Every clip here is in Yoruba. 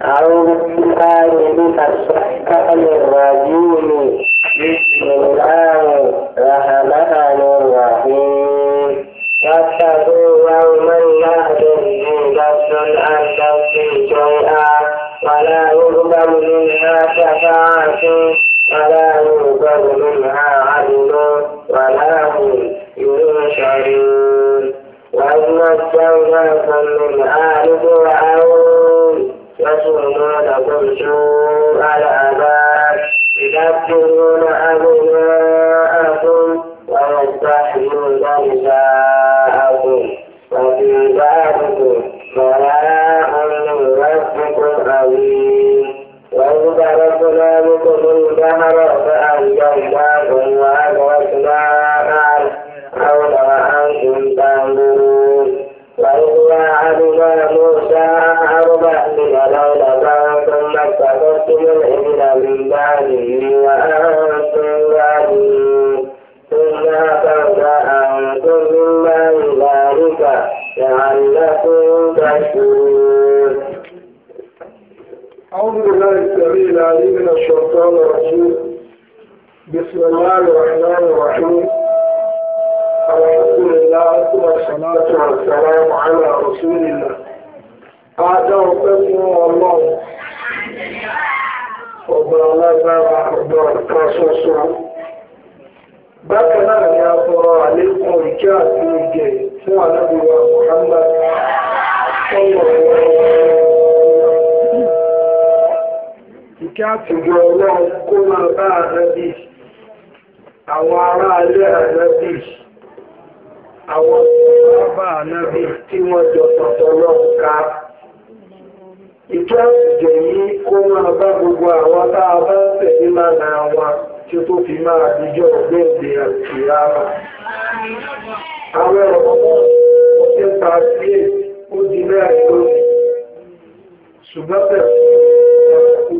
أعوذ بالله من الشيطان الرجيم بسم الله الرحمن الرحيم واتقوا يوما لا تجزي نفس عن نفس شيئا ولا يقبل منها شفاعة ولا يقبل منها عدل ولا هم ينشرون وإذ نجيناكم من آل فرعون يزعما لكم سوء العذاب يذبحون أبناءكم ويذبحون أبناءكم بالله من الشيطان الرجيم بسم الله الرحمن الرحيم الحمد لله والصلاة والسلام على رسول الله هذا وقفنا والله وبلغنا وبركاته bákan náà ni a fọ̀rọ̀ àlékún ìjẹ́ àti ìjẹ́ fún àlọ́bíwá Muhammad sọ́wọ́ ọ̀rọ̀ kí àtìgbò ọlọ́run kó máa bá ànábì àwọn ará alẹ́ àwọn bàbá ànábì tí wọ́n jọ tọ̀tọ̀ ká ìjọ ìjẹ̀ yìí kó máa bá gbogbo àwọn tá a bá tẹ̀lé lánà wọn tí tó fi máa dijọ́ ọ̀gbẹ́ǹdẹ̀ àti ara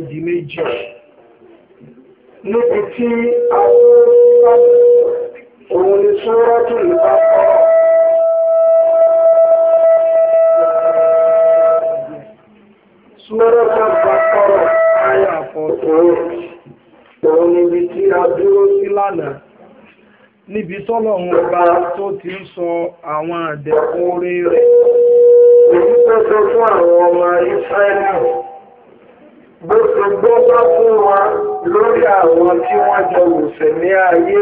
di méjì níbi tí a ni sọ́rọ́ tó lè bá kọ́ sọ́rọ́ tó bá kọ́ àyà fọ̀tọ̀ níbi tí a dúró sí lánàá níbi tọ́lọ́run ọba tó ti ń sọ àwọn àdẹ̀kùn rẹ̀ sọ fún àwọn ọmọ ìsáẹ́lì gbọ́gbọ́ fún wa lórí àwọn tí wọ́n jọ wùsẹ̀ ní ayé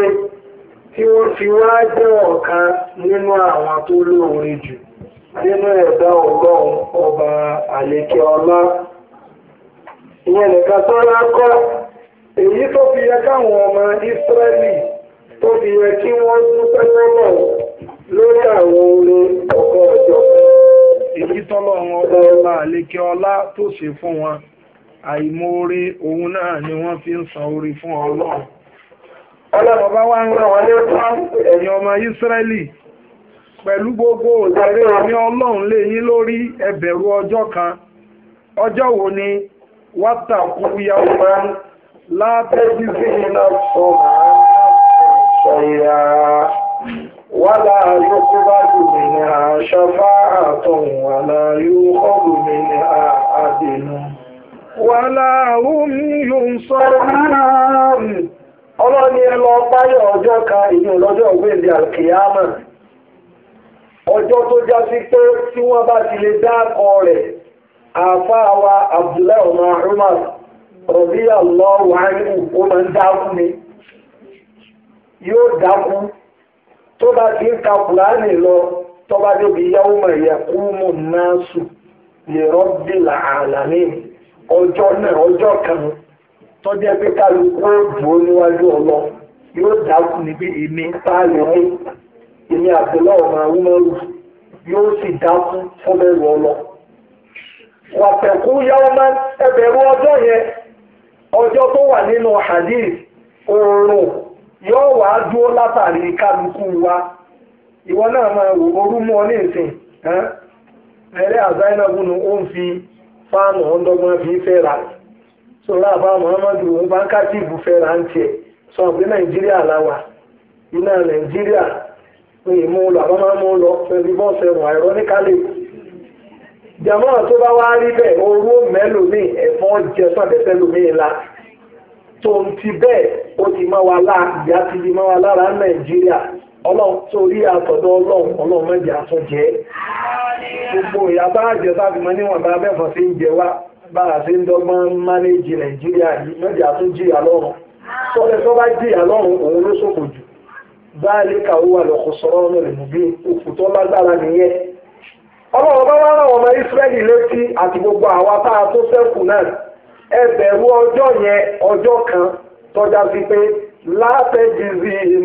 tí wọ́n fi wá jẹ́ ọ̀kan nínú àwọn tó lóore jù nínú ẹ̀dá ọgọ́rùn ọba àlékè ọlá ìyẹn nìkan tó lákọ́ èyí tó fi yẹ káwọn ọmọ Ísírẹ́lì tó fi yẹ kí wọ́n dúpẹ́ lọ́nà lórí àwọn orin ọkọ̀ ọjọ́ èyí tọ́lọ́ ọba ọba àlékè ọlá tó ṣe fún wọn àìmoore òun náà ni wọ́n fi ń san orí fún ọlọ́run ọlọ́run bá wá ń ràn ọmọ pẹ̀lú gbogbo òjòrè ní ọlọ́run lè yín lórí ẹbẹ̀rú ọjọ́ kan ọjọ́ wo ni wátàkù látẹ́jú sí iná sọ ṣẹ̀yà wà láàyò kó bá ní ولا هم ينصرون ni ẹ lọ páyọ̀ ọjọ́ kan ìyún lọ́jọ́ ògbéǹde alkiyama ọjọ́ tó já sí pé tí wọ́n bá ti lè dákọ rẹ̀ abdullahi ọmọ umar rọ̀bíyà lọ́wọ́ àìkú ó máa ń dákú ni yóò dákú tó bá ti ń ka kùránì lọ ọjọ́ náà ọjọ́ kan tọ́jú ẹgbẹ́ kálukú ó dúró níwájú ọlọ yóò dákú níbi èmi táàlì ọ̀hún èmi àbẹ̀lẹ̀ ọ̀rọ̀ àwùmọ́rù yóò sì dákú fọ́bẹ̀rù ọlọ. wàtẹ̀kù yàwó máa ń ẹbẹ̀rù ọjọ́ yẹn ọjọ́ tó wà nínú hadith oòrùn yóò wá dúró látàrí kálukú wa ìwọ náà máa wò orú mọ́ ní ìsìn ẹ̀rẹ́ àzáyé náà ó ń fi fáànù wọn dọ́gbọ́n fi fẹ́ ra sọlá àbá muhammadu òun bá ń káàtì ìbú fẹ́ ra ń tiẹ̀ sọ pé nàìjíríà làwà iná nàìjíríà ní ìmúlò àwọn máa mú lọ pẹ̀lú bọ́ọ̀sì ẹ̀rùn àìrọ́níkálẹ̀ jàmọ́ tó bá wá rí bẹ́ẹ̀ orú mẹ́lòmíì ẹ̀fọn jẹ sọ́dẹ̀sẹ̀ lòmíì la tó ń ti bẹ́ẹ̀ ó ti mọ́ wa lá ti di mọ́ wa lára nàìjíríà ọlọ́run tó rí àtọ̀dọ̀ ọlọ́run ọlọ́run mẹ́jẹ aṣọ jẹ́ gbogbo ìyá bá jẹ sáfi mọ́ níwọ̀n bá bẹ́fọ̀ sí ń jẹ wá bá a sí ń dọ́gbọ́n mánéjì nàìjíríà yìí mẹ́jẹ aṣọ jìyà lọ́rùn sọ́lẹ̀ tó bá jìyà lọ́rùn òun ló ṣòfò jù báyìí kàwé wà lọ́kọ̀ sọ̀rọ̀ ọ̀nà rẹ̀ bí òkú tó lágbára nìyẹn ọlọ́run bá wá rán ọmọ Ísírẹ́lì létí a tó ṣẹ́kù náà ẹ bẹ̀rù ọjọ́ yẹn ọjọ́ kan لا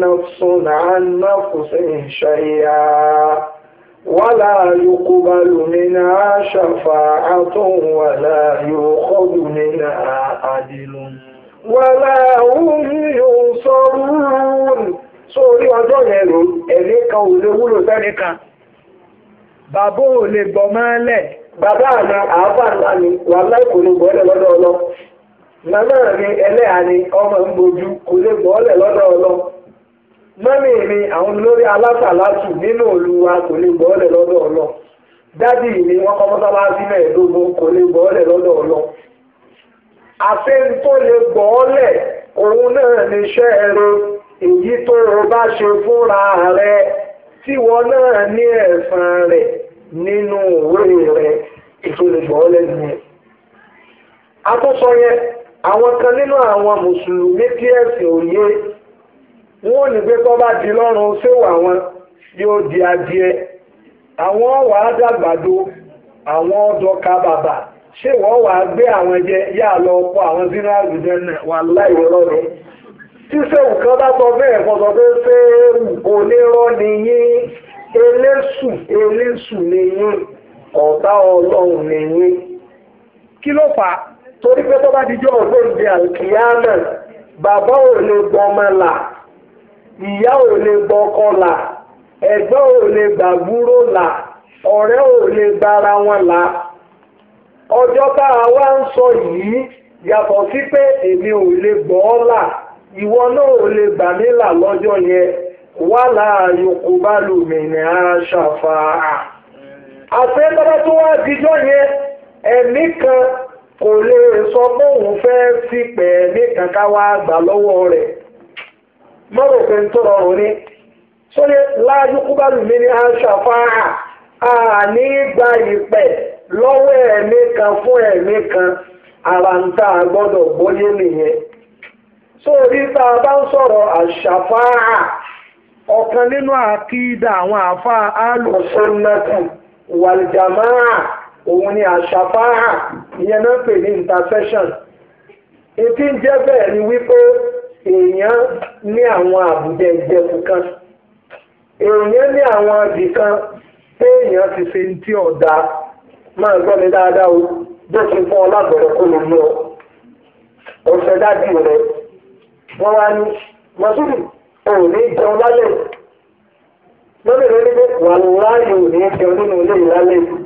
nàfsùn àánà fòsìn ṣàyà wàlá yòókù bá lùmínà ṣàfà àtọ̀hún wàlá yòókù lùmínà àdìlùn wàlá òun yóò sọ̀rọ̀ sórí ọjọ́ yẹn ló ẹ̀mí kan ò lè wúlò sẹ́ni kan bàbá ò lè gbọ́ mọ́lẹ̀ bàbá àná àáfà ńlá ni wàlá ìkòlè gbọ́dọ̀ lọ́dọ̀ ọlọ́ na mi ni ni ọmọ ń kò lè gbọ́ ọ́lẹ̀ lọ́dọ̀ ọlọ́ mi àwọn olórí alátàlátù nínú òlu wa kò lè gbọ́ ọ́lẹ̀ lọ́dọ̀ ọlọ́ dádì mi wọ́n kọ́ mọ́sálásí mẹ́ẹ̀ẹ́dógún kò lè gbọ́ ọ́lẹ̀ lọ́dọ̀ ọlọ́ tó lè gbọ́ ọ́lẹ̀ òun náà èyí tó o bá ṣe fúnra rẹ tíwọ náà ní ẹ̀san rẹ̀ nínú òwe rẹ ètò ọ́lẹ̀ nìyẹn. àwọn kan nínú àwọn mùsùlùmí tí ẹ̀sìn òye wọn ò ní pé tó bá di lọ́rùn ṣéwò àwọn yóò di adìẹ àwọn wà á dàgbàdo àwọn ọdọ ka bàbà ṣéwò wà á gbé àwọn jẹ yá lọ ọkọ àwọn sínú àgùdẹ náà wà láì rọrùn tí ṣéwù kan bá sọ bẹ́ẹ̀ kọ́ pé ṣéwù onírọ́ ni yín elésù elésù ọ̀tá ọlọ́run ni kí ló fà á. torí pé tó bá dijọ́ ògbóǹde àlùkìyámà bàbá ò lè gbọ́ ọmọ là ìyá ò lè gbọ́ ọkọ là ò lè gbàgbúrò là ọ̀rẹ́ ò lè gbára wọn là ọjọ́ tá a wá ń sọ yìí yàtọ̀ sí pé èmi ò lè gbọ́ là ìwọ náà ò kan. kò lè sọ bóun fẹ́ fipẹ̀ nìkan ká wá gbà lọ́wọ́ rẹ̀ mọ́rò pé ń tó rọrùn ni sọ́ni láàyè kúbálù mi ní aṣàfáà àní gba ìpẹ̀ lọ́wọ́ ẹ̀mí kan fún ẹ̀mí kan ara ń tá gbọ́dọ̀ gbóyé nìyẹn sórí tá a bá ń sọ̀rọ̀ àṣàfáà ọ̀kan nínú àkídà àwọn àfa alùsọ̀nàtì wàlìjàmáà. òun ni àṣàfáà ìyẹn náà pè ní intercession ètí ń jẹ́ bẹ́ẹ̀ ni wípé èèyàn ní àwọn àbùdá ìjẹun kan èèyàn ní àwọn ibìkan pé èèyàn ti ṣe tí ọ̀dà máa gbọ́ mi dáadáa o bó ti fún ọ lágbọ̀dọ̀ kó lè lọ ọ̀sẹ̀ dájú rẹ wọ́n wá ní mọ́tòlù ò ní jẹun lálẹ́ lọ́dọ̀ lórí pé wàhálà ò ní jẹun nínú ilé ìlálẹ́ yìí.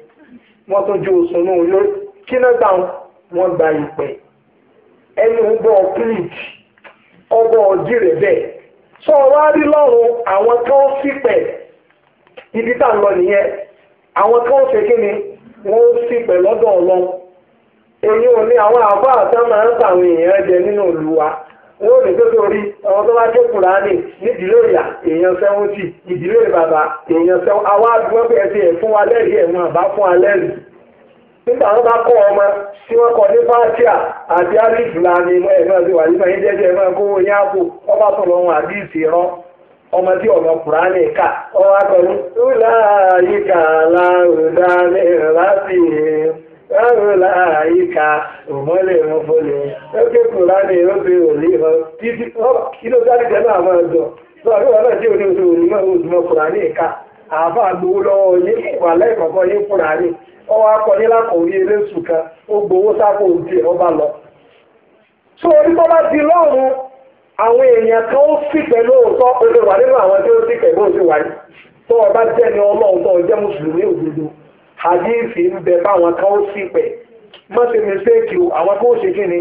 wọ́n tún ju òṣùnú yó kí wọ́n gba ìpẹ́ ẹni ń bọ́ píríjì ọgbọ́ ọdí rẹ̀ bẹ́ẹ̀ sọ wá rí lọ́rùn àwọn tó ń sípẹ̀ ibi tá à ń lọ nìyẹn àwọn tó ń ṣe kí ni wọ́n ń sípẹ̀ lọ́dọ̀ ọlọ́run èyí ò ní àwọn àbá àtàwọn máa ń tàwọn èèyàn jẹ nínú ìlú wa wọ́n ní tó torí ọmọ tó bá jẹ́ kùránì nídìílé ìyá èèyàn sẹ́wọ́n tì ìdílé bàbá èèyàn sẹ́wọ́n àwa àdúgbò pé ẹsẹ̀ ẹ̀ fún wa lẹ́rìí ẹ̀ wọn àbá fún wa lẹ́rìí. nígbà wọn bá kọ ọmọ tí kọ ní fátíà àti alif náà ọ̀rọ̀láàyíká òmọ́lẹ̀ ìrànfọ́lẹ̀ ókè kòrá ní ìrọ́bẹ̀ òní ìhàn títí inú sáàdìjẹ́ náà máa dùn tó àríwá náà tí òní oṣù òní máa òdùmọ̀ kòrá ní ìka àáfà ní ọwọ́ akọ ní àwọn èèyàn nínú àwọn tí ó wáyé tó ọba hadithi ń bẹ báwọn kan ó sì pẹ̀ má ṣe mistake o àwọn kan ó ṣe kí ni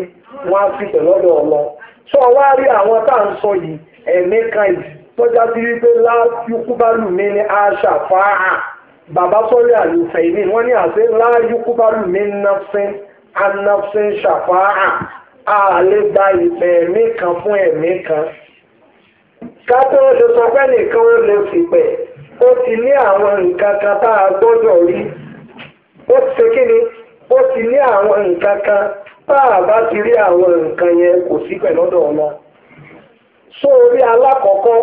wọ́n á sì pẹ̀ lọ́dọ̀ ọ̀lọ́ sọ wá rí àwọn tá à ń sọ yìí ẹ̀mí kan yìí tọ́já sí wípé láyúkúbálù mi ní àṣà fáà bàbá sọ́rí àlùfẹ́ ìní wọ́n ní àṣẹ láyúkúbálù mi nafsin anafsin ṣàfáà àlébà ìfẹ́ ẹ̀mí kan fún ẹ̀mí kan kátó sọ pé nìkan ó lè fìpẹ́ ó ti ní àwọn nǹkan kan tá a gbọ́dọ̀ rí ó ti ṣe kí ni ó ti ní àwọn nǹkan kan tá a bá ti rí àwọn nǹkan yẹn kò sí pẹ̀lú ọ̀dọ̀ ọ̀nà so orí alákọ̀ọ́kọ́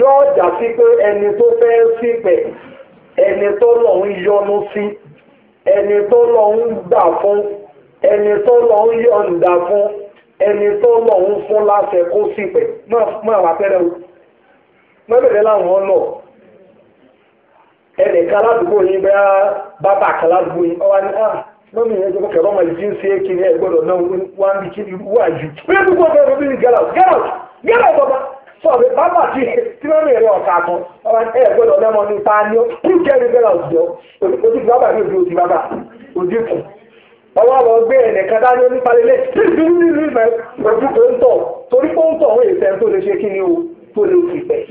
yóò jà sí pé ẹni tó fẹ́ sípẹ̀ ẹni tó lọ ń yọnu sí ẹni tó lọ ń gbà fún ẹni tó lọ ń yọ̀ǹda fún ẹni tó lọ ń fún láṣẹ kó sípẹ̀ máa wà pẹ́rẹ́ o mọ́bẹ̀rẹ̀ láwọn ọ̀nà. Eneka ládùúgbò yín bá bàbá kan ládùúgbò ni ah lọ́mìn yẹn jẹ́ kẹ̀rọ ọmọ ìdí ń é kiri ẹ̀ gbọ́dọ̀ náà wọ́n bí kiri wúwà jù. bí get out get out sọ pé bàbá tí tí wọ́n rìn rẹ̀ ọ kan ọba ẹ̀ gbọ́dọ̀ náà ní jọ ojú bàbá mi ojú bàbá ojú kù. àwọn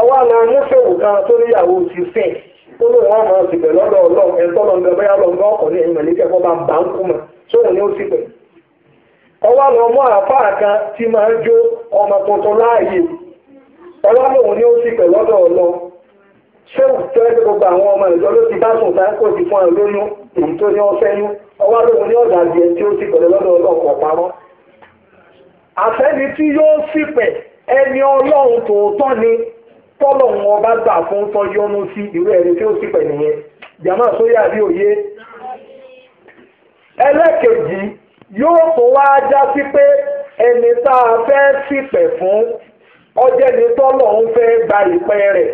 ọwọ́ àwọn oníṣòwò kan tó níyàwó ti fẹ́ tó ló wọn máa sì bẹ̀ lọ́dọ̀ ọlọ́run ẹ̀tọ́ ọkọ̀ ní ẹ̀yìn mẹ̀lẹ́kẹ́ fọ́ ń bá ń ni ó sì kan ti máa ń jó ọmọ tuntun láàyè ni ó bẹ̀ lọ́dọ̀ ọlọ́run ṣéwù gbogbo àwọn ọmọ ìjọ ló ti bá sùn kò sí fún àwọn èyí tó ní yún pẹ̀ tọ́lọ̀ wọn bá gbà fún tán yọnu sí ìwé ẹ̀rí tí ó sì pẹ̀ nìyẹn jàmá sóyà bí òye ẹlẹ́kejì yóò tó wá já sí pé ẹni tá a fẹ́ ṣìpẹ̀ fún ọjẹ́ ni tọ́lọ̀ ń fẹ́ gba ìpẹ́ rẹ̀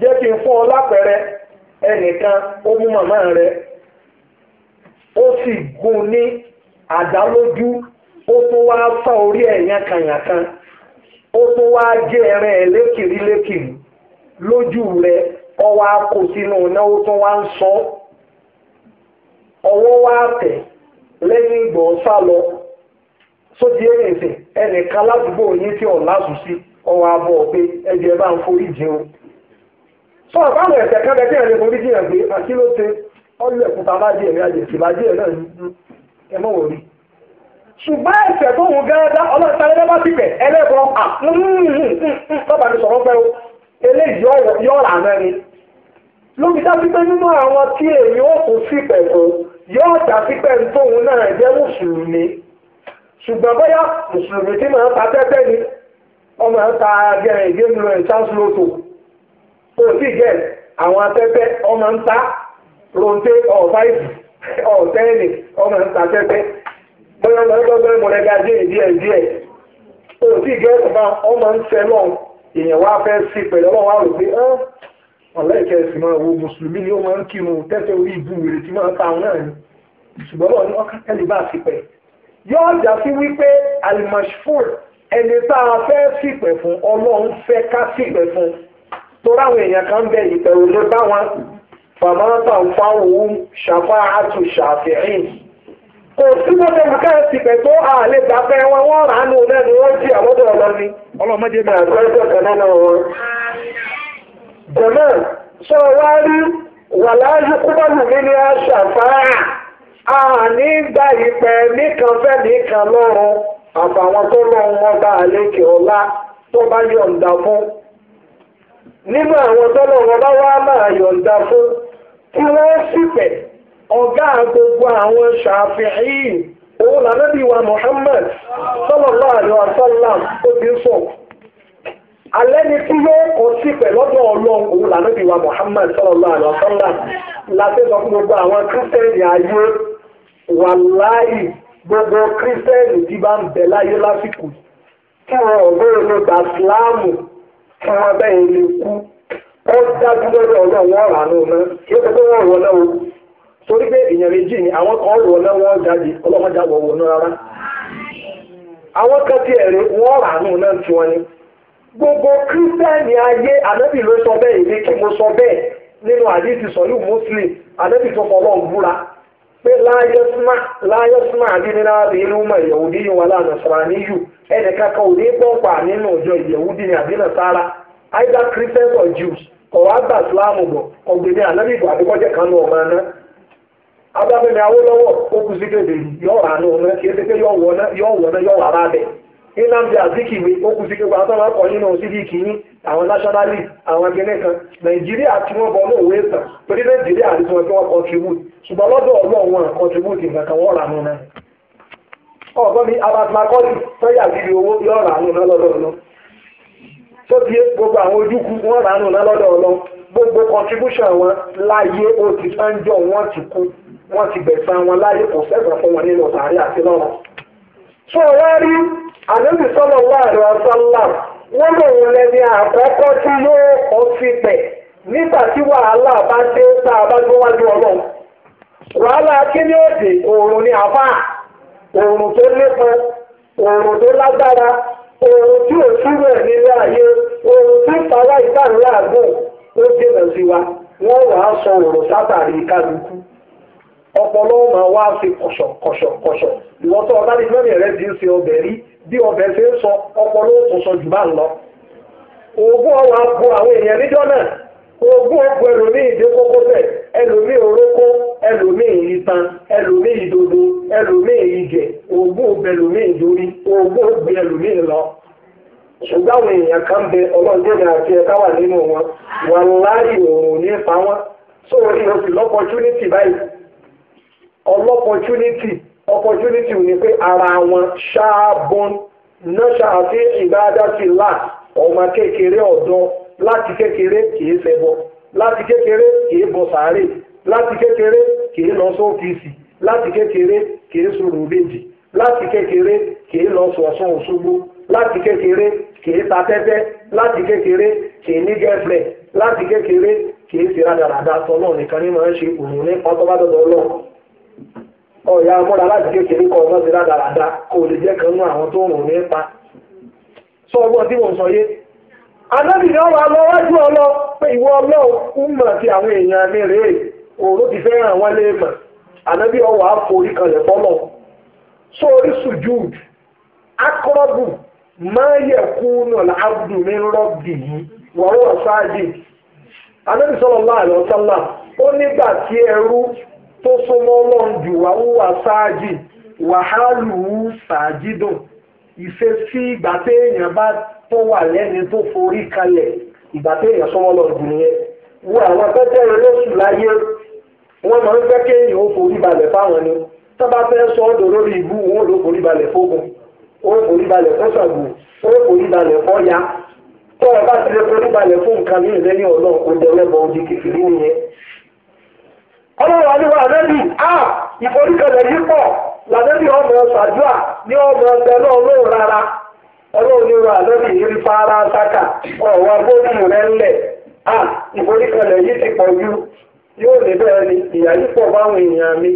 jẹ́ kí n fún ọ lápẹẹrẹ ẹnìkan ó mú màmá rẹ̀ ó sì gún ní àdálójú ó tún wá sá orí ẹ̀yán kàyàkan. ó tó wá jẹ́ ẹran ẹ̀ lékìrí lójú rẹ̀ ọwọ́ á sínú iná ó tún wá ń sọ ọwọ́ wá tẹ̀ lẹ́yìn ìgbọ̀n sá lọ sóti ẹ̀rìnsìn ẹnìkan ládùúgbò yín tí ọ̀ lásùn sí ọwọ́ abọ́ ẹ̀jẹ̀ bá ń forí jẹun sọ àbáwọn ẹ̀sẹ̀ ṣùgbọ́n ẹ̀ṣẹ̀ tó wù gáádá ọlọ́ọ̀tàlẹ́ lọ́ba ti pẹ̀ ẹlẹ́bọ bàbá mm, mm, mm, mi sọ̀rọ̀ pẹ́ o eléyìí yọ̀ọ̀rọ̀ àná ni lóbi dájú pé nínú àwọn tí èyí ó kún sí pẹ̀lú yóò dà sí pẹ̀lú tóun náà jẹ́ mùsùlùmí ṣùgbọ́n bóyá mùsùlùmí tí màá ta tẹ́tẹ́ ni ọmọ ẹ̀ ta gẹ̀rẹ̀ ìgbénu ẹ̀ chance lotto kò sí gẹ̀ àwọn atẹ́tẹ́ ọmọ ń ta ronté ọ̀fáìsì ọ̀tẹ́ẹ̀lì ọmọ ń ta tẹ́tẹ́ bóyá ọmọ ẹgbẹ́ bẹ́ẹ̀ mọ̀ lẹ́gà díẹ̀ díẹ̀ díẹ̀ o sì gẹ́ ọba ọmọ ń fẹ́ lọ èèyàn wá fẹ́ sí pẹ̀lú ọlọ́run wá rò pé ẹ́ ọ̀lẹ́kẹ̀ sì máa wo mùsùlùmí ni ó máa ń kírun tẹ́tẹ́ orí ìbú wèrè tí máa ta àwọn náà ni ṣùgbọ́n bọ́ọ̀ ni ọkàn tẹ́lẹ̀ bá sí pẹ̀ yóò jà sí wípé alimashfur ẹni tá a fẹ́ sí pẹ̀ fún ọlọ́run fẹ́ ká sí pẹ̀ fún torí àwọn èèyàn kan bẹ ìpẹ̀rù lé bá fàmọ́tà fáwọn ṣàfáà àtúnṣàfihàn kò síbò tó ti tó àlè wọn wọ́n nù lẹ́nu wọ́n jí àwọ́dọ̀ ọlọ́mọdé mi àgbẹ̀ ẹ̀jọ̀ wọn. jẹ̀mọ́ sọ wá rí wàláyé kúbọ̀lù mi gba ìpẹ́ nìkan fẹ́ nìkan àbàwọn tó lọ wọn bá ọlá tó bá yọ̀ǹda fún. nínú àwọn tó lọ wọn bá wá fún kí ọ̀gá gbogbo àwọn ṣàfihì òun lànàbí wa Muhammad ó ti ń sọ alẹ́ ni yóò wa Muhammad sallallahu alaihi wasallam láti fún gbogbo àwọn kírísítẹ́nì ayé gbogbo kírísítẹ́nì tí bá ń bẹ láyé lásìkò tí wọn ọ̀gbẹ́ ìlú gbà síláàmù tí wọn bẹ́ẹ̀ lè kú ó dájú lórí sorí pé èèyàn méjì ni àwọn kan wọ̀ náà wọ́n jáde ọlọ́mọdé àwọ̀ náà rárá àwọn kan ti ẹ̀rí wọ́n rà nù náà tí wọ́n ní gbogbo kírísítẹ́nì ayé ànábì ló sọ bẹ́ẹ̀ èmi kí mo sọ bẹ́ẹ̀ nínú àdìsí sọ̀lú muslim ànábì tó fọ́ lọ́n búra pé láyọ́símà láyọ́símà àdínínà ìlú mọ̀ ìyẹ̀wùdí yìí wà ò ní nínú ni ni agbábẹ́ni awólọ́wọ̀ ó kú sí kéde yọ àánú ọ̀nà kí ẹsẹ̀ pé yọ wọ̀nà yọ wà lábẹ́ nnamdi azikiwe ó kú sí kéde àtọ́nà ọkọ̀ nínú síbi ìkíní àwọn nationally àwọn gẹ́gẹ́ kan nàìjíríà tí wọ́n bọ̀ torí nàìjíríà àti tiwọn wọ́n contribute ṣùgbọ́n lọ́dọ̀ ọlọ́run contribute nǹkan kan wọ́n rà nù náà ọ̀gbọ́n mi gidi owó yọ rà nù náà gbogbo àwọn ojúkú wọn láyé wọ́n ti gbẹ̀san wọn láyé kò sẹ́gbà fún wọn nínú sàárẹ̀ àti lọ́rùn. tó wá rí ànábì sọ́lọ̀ wà rẹ̀ ọ̀sánlá wọ́n lòun lẹni àkọ́kọ́ tí yóò kọ́ sí pẹ̀ nígbà tí wàhálà bá dé tá a bá gbé wájú ọlọ́run. wàhálà kí ni ó dé òòrùn ni àfà òòrùn tó lépo òòrùn tó lágbára òòrùn tí ò túrò ẹ̀ nílé ayé òòrùn tí pàwá ìtàrí àgùn ó dènà sí wa wọ́n wàá sọ òòrùn sátàrí kálukú. ọpọlọ ọmọ wa ṣe kọṣọ kọṣọ kọṣọ ìwọ́tọ̀ ọ̀dánilẹ́mì rẹ̀ ti ń ṣe ọbẹ̀ rí ọbẹ̀ ṣe sọ ọpọlọ òtún sọ jù bá ń lọ. oògùn ọwọ́ àpò àwọn èèyàn níjọ́ náà oògùn ọ̀pọ̀ ẹlòmíì dé kókó ẹlòmíì orókó ẹlòmíì itan ẹlòmíì ìdodo ẹlòmíì ọbẹ̀ ẹlòmíì ẹlòmíì lọ ṣùgbọ́n àwọn èèyàn kan bẹ ọlọ́pọ̀tunity opportunity ni pé ara wọn ṣáàbọ̀n náà ṣàfi ìbáradàsí là ọmọ kékeré ọ̀dọ́ láti kékeré kìí ṣẹbọ láti kékeré kìí bọ sàárè láti kékeré kìí lọ sọ́fíìsì láti kékeré kìí sọ̀rọ̀ méjì láti kékeré kìí lọ sọ̀sán òṣogbo láti kékeré kìí ta tẹ́tẹ́ láti kékeré kìí ní gẹ́fẹ̀ láti kékeré kìí ṣe rádaràda tọ́lọ́ nìkan ní máa ń ṣe òun ní pátápátá tọ́lọ́ ọ̀yà mọ́ra láti kékeré kọ ọmọ si rádaràdá kò lè jẹ́ kan àwọn tó rùn ní pa sọ ọgbọ́n tí ń sọ yé anábì ni ọlọ pé ìwọ ọlọ́ mọ̀ sí àwọn èèyàn mi rèé ti fẹ́ràn wọn mọ̀ anábì ọwọ́ àforí fọ́lọ̀ akọ́rọ́bù máa yẹ kú mi rọ́bì yìí wọ́n sáájì anábì tó súnmọ́ ọlọ́run jù wá ń wà sáájì wàhálù sàájídùn ìfesí ìgbà téèyàn bá tó wà lẹ́ni tó forí kalẹ̀ ìgbà téèyàn súnmọ́ ọlọ́run jù nìyẹn wo àwọn tẹ́tẹ́ olóṣù láyé wọ́n máa ń fẹ́ kéèyàn ó forí balẹ̀ fáwọn ni tó bá fẹ́ sọ ọ́dọ̀ lórí ìbú wọn ló forí balẹ̀ fógun ó forí balẹ̀ fọ́sàgbù ó forí balẹ̀ fọ́ya tó o bá ti lè forí balẹ̀ fún nǹkan ní ọlọ́wà ní wà lẹ́bí à ìforíkẹlẹ̀ yìí pọ̀ làlẹ́bí ọmọ ṣàdúà ní ọmọ ọgbẹ náà lóò rárá ọlọ́wà ní wà rẹ̀ ńlẹ̀ yìí ti pọ̀ ju yóò lè bẹ́ẹ̀ yìí pọ̀ báwọn èèyàn mi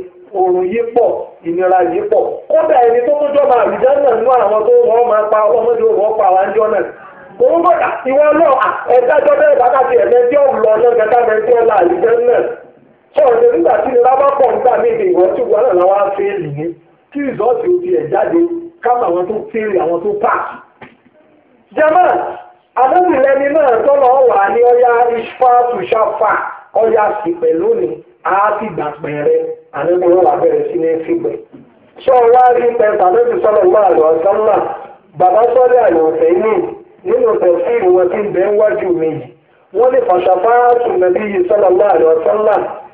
pọ̀ ìnira pọ̀ kódà ẹni tó tún jọba ọ̀rẹ́ nígbà tí ìlera bá pọ̀ nígbà méje ìwọ̀n tí wọ́n náà wá fẹ́ẹ̀lì ní kí rìsọ́ọ̀tì ó ti ẹ̀ jáde káàmù àwọn tó fẹ́ẹ̀lì àwọn tó pààkì. german adébìlẹ́ni náà tọ́lọ̀ wà ní ọya isfáàtù ṣáfà ọya sì pẹ̀lú ni a ti gbà pẹ̀rẹ́ àdébìlẹ́ wà bẹ̀rẹ̀ sí ní fìgbẹ̀. sọ wá rí pẹ̀lú àdébì sọ́lọ̀ láàlọ́ sọ́lá bàbá sọ́lẹ̀ àyọ̀fẹ́ ní nínú tẹ̀síìrì wọn ti ń bẹ́ẹ̀ wájú mi wọ́n ní fàṣàfáàtù nàbí yìí sọ́lọ̀ láàlọ́ sọ́lá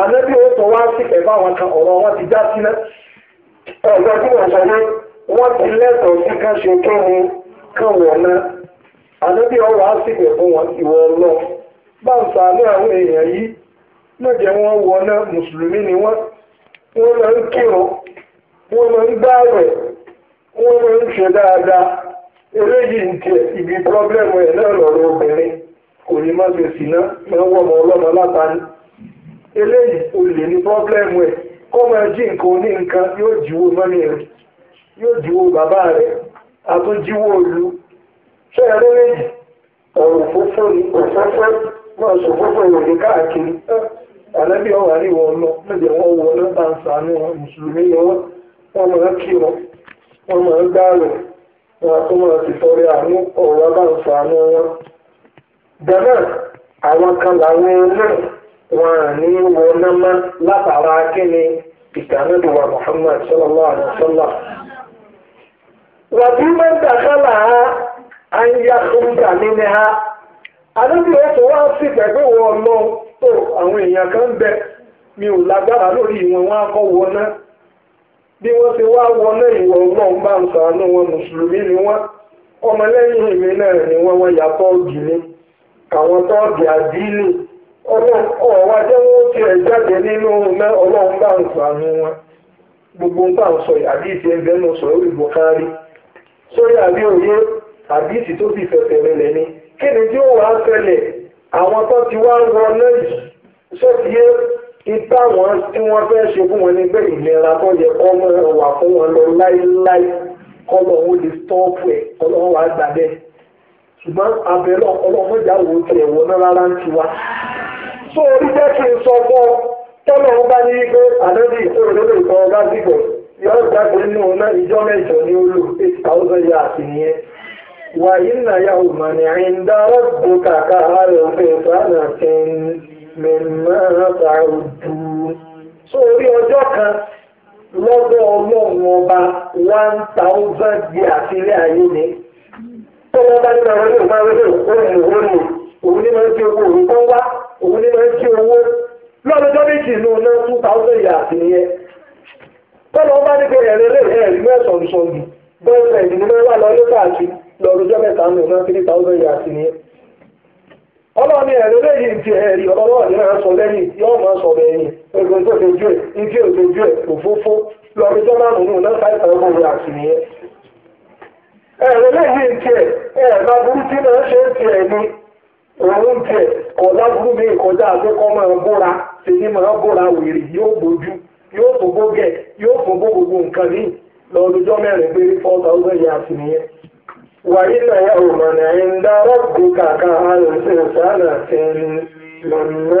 ànábì ó sọ wá sí pẹ̀lú àwọn kan ti já síná ọ̀rọ̀ tí wọ́n sọ ti sí ka ṣe kí ni kán wọ̀ náà ànábì ó wá sí pẹ̀lú fún wọn ìwọ eyan yi wọn wọ ni wọn wọn máa ń kírun wọn máa ń gbààwẹ̀ wọn máa ń ibi pírọ́blẹ́mù ẹ̀ náà lọ́rọ̀ obìnrin kò ní ma ṣe si na máa ń wọ̀ ọmọ eléyìí olè ní pọ́blẹ́mù ẹ̀ kó máa jí nǹkan oní nǹkan yóò jíwó mọ́nì rẹ̀ yóò jíwó bàbá rẹ̀ àtúnjíwó olú ṣẹ́yà lórí ọ̀rọ̀ òfófó ni òfófó máa fúnfún ìròyìn káàkiri àlẹ́bí ọ̀wà ní wọ lọ́ta mùsùlùmí ni máa kí wọn wọ́n máa gbá wọn tó máa ti tọrẹ àánú ọ̀rọ̀ wọn ní wọná mọ́ látara kíni Muhammad sallallahu alaihi wasallam. wàbí máa ń ha á ń yá kúrúdà nínú ha. àdébí ó wa wá sí ìgbàgbọ́ lọ tó àwọn èèyàn kan bẹ mi ò lágbára lórí ìwọ̀n wọn akọ bí wọ́n ti wá ọlọ́run bá ń wọn mùsùlùmí ni wọ́n ọmọlẹ́yìn mi náà ni wọ́n wọ́n yàtọ̀ ọlọ́run ọ̀wá jẹ́ wọ́n ti ẹ̀ jáde nínú mẹ́ ọlọ́run bá ń sànú wọn gbogbo nǹkan àwọn sọ àdíìsì ẹ̀ bẹ́ẹ̀ náà sọ̀rọ̀ ìbò kárí sórí àbí òye àdíìsì tó fi fẹ̀fẹ̀ rinlẹ̀ ni kí ni tí ó wàá fẹlẹ̀ àwọn tó ti wá ń wọ náà yìí sọ́tìyé ipá wọn tí wọ́n fẹ́ ṣe fún wọn nígbẹ́ ìlera tó yẹ kọ́ mọ́ wà fún wọn lọ láíláí kọ́ lọ wọn lè stọ́ọ̀pù ẹ̀ ọlọ́run wàá gbà bẹ́ẹ̀ ṣùgbọ́n abẹ́lọ́ ọlọ́mọdé àwòrán tiẹ̀ wọ náà rárá ń tiwa so orí kí n sọ fún ọ tọ́lọ̀ ń bá ní wípé àlẹ́bí ìfowópamọ́ ìfọ̀ ọ̀gá dìbò yọ̀ọ́ jáde nínú ọ̀nà ìjọ mẹ́jọ ní olú eight thousand yards nìyẹn. وإن يوما عند ربك كألف سنة مما تعدون sórí ọjọ́ kan lọ́dọ̀ ọlọ́run ọba one thousand years sílé ayé ni tó bá nínú àwọn ilé òun ní wọ́n ti owó òun ní máa ń kí owó lọ́dọọdọ́ méjì inú ná two yà sí yẹn tọ́lọ́ bá ní pé ẹ̀rẹ́ lè rẹ̀ rí mẹ́sàn-án bọ́ọ̀sẹ̀ ìdílé mẹ́wàá lọ lé káàkiri lọ́dọọdọ́ mẹ́ta nù ná three yà sí yẹn ọlọ́ọ̀ni ẹ̀rẹ́ lẹ́yìn ti ẹ̀rí ọlọ́ọ̀ni máa sọ lẹ́yìn yóò máa sọ lẹ́yìn egun tó fojú ẹ̀ ibi òun tẹ ọ̀dà fún mi ìkọjá àtẹ́kọ́ máa bóra ṣe ní máa bóra wèrè yóò bójú yóò tó bógẹ̀ yóò tó bó gbogbo nǹkan ní lọ́dọjọ́ mẹ́rin na four thousand years nìyẹn. wàyí náà yà ò mọ̀ náà ń dá rọ́ọ̀kù kàkà àrùn sí ìsáàlà sí lọ́nà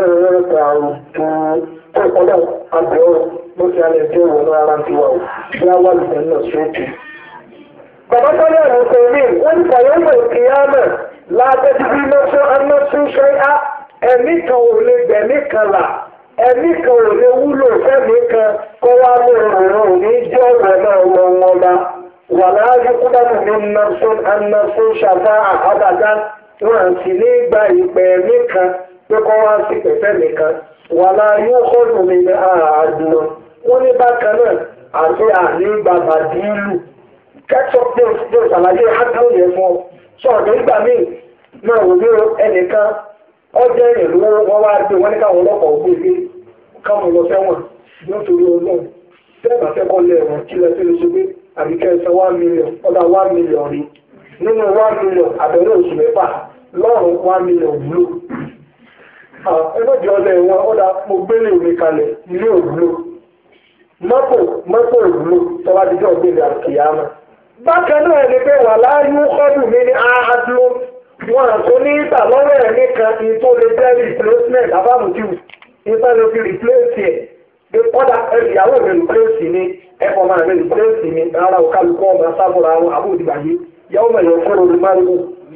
àrùn tó tó kọjá ló alẹ́ náà ara ti wà ó wà náà bàbá lábẹ́dìbí lọ́sọ anásúnṣe á ẹ̀mí kan ò lè gbẹ̀mí kan là ẹ̀mí kan ò lè wúlò fẹ́mi kan kó wá lóòrùn òun ní jẹ́ ọ̀rọ̀ náà wọ́n wọn bá wà láàyè kúdà nínú nọ́sùn anásúnṣe àbá àbàdá wọn sì ní gba ìpè ẹ̀mí kan pé kó wá sí pẹ̀fẹ́ mi kan wà láàyè kọ́nù mi ní àádùn wọn ní bákan náà àti àní gbàgbà dìílù kẹ́tọ́ pé ó ṣàlàyé hákàlù yẹn fún ọ. sọ nígbà míì náà wò ní ẹnìkan ọjọ́ èèyàn lówó wọn wá gbé wọn ní káwọn ọlọ́pàá ògbó ilé e káwọn lọ sẹ́wọ̀n nítorí ọlọ́run bẹ́ẹ̀ bá fẹ́ kọ́ lẹ̀ wọ́n kí lẹ tó lè ṣe pé àbíkẹ́ ọ̀dà rí nínú one million àbẹ̀rẹ̀ oṣù mẹ́fà lọ́rùn one million wúlò ẹgbẹ́jọ ọ̀dà mo gbélé omi kalẹ̀ ilé òwúlò mọ́tò mọ́tò òwúlò bákan náà ni pé wà láyú kọ́dù mi ní àádùn wọn àtún ní ìgbà lọ́wọ́ ẹ̀ nìkan ti tó lè jẹ́ replacement abámujú nípa ló fi replace ẹ̀ pé kọ́dà ìyàwó mi replace ni ẹ̀fọ́ máa mi replace ni rárá òkàlùkọ́ ọmọ sábúra àwọn àbúrò ìgbà yìí yàwó mẹ́yọ̀ fẹ́ràn olùmọ́ràn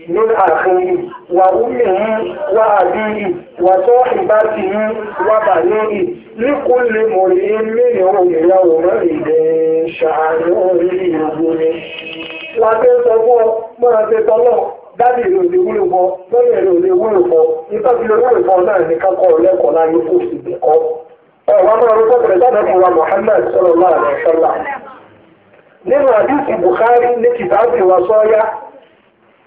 من أخيه وأمه وأبيه وصاحبته وبنيه لكل مرئ منهم يومئذ شأن يغنيه láti sọ ما ọ mọ́ra ṣe tọ́lọ̀ dáàbì rẹ̀ òde wúlò fọ́ lọ́yẹ̀ rẹ̀ òde wúlò fọ́ nítorí rẹ̀ wúlò fọ́ náà ní kákọ́ lẹ́kọ̀ọ́ láyé kò sì bẹ̀ kọ́. ọ̀rọ̀ máa ń tọ́pẹ̀lẹ̀ sábà fún wa Muhammad sallallahu alaihi wasallam. nínú àdìsí Bukhari ní kìtàbí wa sọ́yá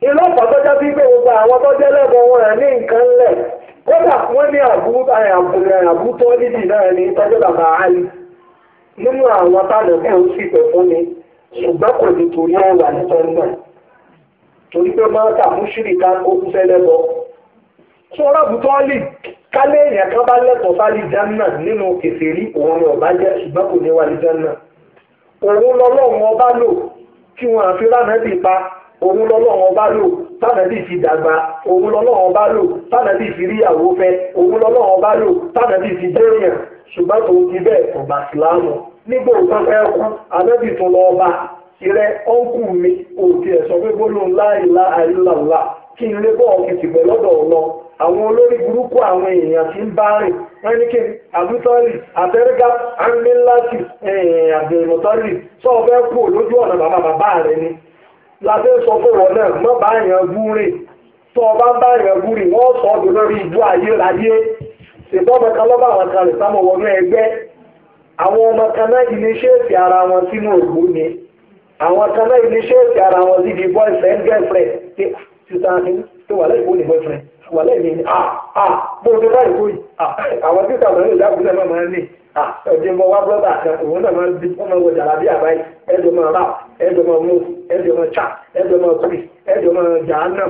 ilé ọ̀pọ̀ tó jẹ́ sí pé gbogbo àwọn tó jẹ́ lẹ́bọ̀ wọn ẹ̀ ní nǹkan lẹ̀ kódà wọ́n ní àbú tó nídìí náà ní tọ́jú bàbá àlì nínú àwọn tánà bí ó sì pẹ̀ fún ni ṣùgbọ́n kò ní torí ọ̀wà nítorí náà torí pé máa tà fún ṣìríkà ó kú fẹ́ lẹ́bọ tí wọ́n rábù tó lì kálé èèyàn kan bá lẹ́tọ̀ọ́ fálì jánà nínú kèfèrí òun ni ọ̀bá jẹ́ ṣùgbọ́n kò ní wà ní jánà òun lọ́lọ́run ọba lò kí wọ́n àfi ránà bì pa òun lọ́lọ́wọ́n bá lò tánàbí fi dàgbà òun lọ́lọ́wọ́n bá lò tánàbí fi ríyàwó fẹ́ òun lọ́lọ́wọ́n bá lò tánàbí fi jẹ́rìyàn ṣùgbọ́n tó ti bẹ́ẹ̀ ọ̀gbà síláàmù nígbà òun kú tó lọ ọba ìrẹ́ ọ́nkù mi òkè ẹ̀sọ́ pé gbólóhùn láìlá àìlàlá kí n lé bọ́ọ̀ kìtì pẹ̀ lọ́dọ̀ àwọn olórí burúkú àwọn èèyàn ń bá rìn ni lábẹ́ sọ fún wọn náà mọ́ bá yàn gúrè tó ọba bá yàn gúrè wọ́n sọ ọdún lórí ìjú ayérayé ṣètò ọmọ kan lọ́ba àwọn kan rẹ̀ sámọ̀ wọnú ẹgbẹ́ àwọn ọmọ kan náà iléeṣẹ́ èsì ara wọn sínú ògbó ni àwọn kan náà iléeṣẹ́ èsì ara wọn sí di boyfriend girlfriend ṣe sísan akin tó wà lẹ́yìn òní boyfriend wà lẹ́yìn ní ah ah bó o ti báyìí kó yìí ah, àwọn títà lọ́yìn ìyá ọdún bọ wá brọ́dà kan òun náà máa ń bí ọmọ ìwọ̀n jàlábí àbáyé ẹjọ́ máa rà ẹjọ́ máa mú ẹjọ́ máa chà ẹjọ́ máa tùrì ẹjọ́ máa jàánà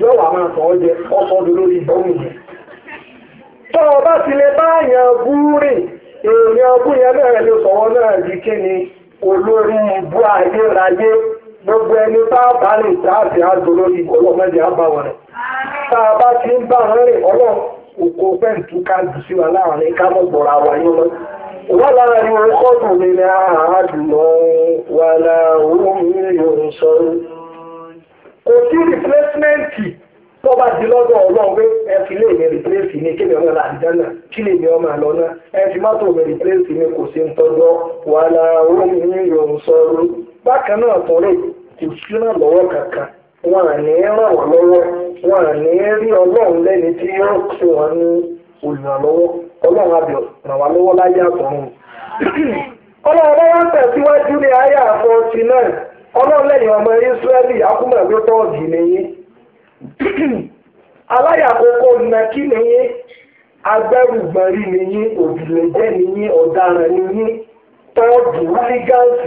yóò wà máa sọ ọsọ lórí tọ́ ọ bá ti lè bá èèyàn sọ̀rọ̀ náà di kí ni olórí gbogbo ẹni bá lè òkò fẹ́ẹ̀ tú ká jù sí wa láàrin ká mọ̀ gbọ̀ra wa yín lọ. wọ́n lára ni wọ́n kọ́ dùn mí ní àádùnmọ́ wà láàrú mi yóò sọ̀rọ̀. kò sí rìpléṣmẹ́ǹtì tó bá di lọ́dọ̀ ọlọ́run pé ẹ fi lè mi rìpléṣì ní kí mi ọmọ làdìjá náà kí lè mi ọmọ àlọ́ náà ẹ fi mọ́tò mi rìpléṣì ní kò sí ń tọ́jọ́ wà láàrú mi yóò sọ̀rọ̀. bákan náà tọ́lẹ̀ kò sí náà lọ́wọ́ kankan wọn à ní ràn lọ́wọ́ wọn à ní rí ọlọ́run lẹ́ni tí yóò ṣe wọn ní olùrànlọ́wọ́ ọlọ́run àbẹ̀ ràn wá lọ́wọ́ láyé àtọ̀run. ọlọ́run bá wá tẹ̀síwájú ní àyà àfọ̀tì náà ọlọ́run lẹ́yìn ọmọ nìyí. aláyàkókò nìyí nìyí ọ̀daràn nìyí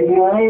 nìyí.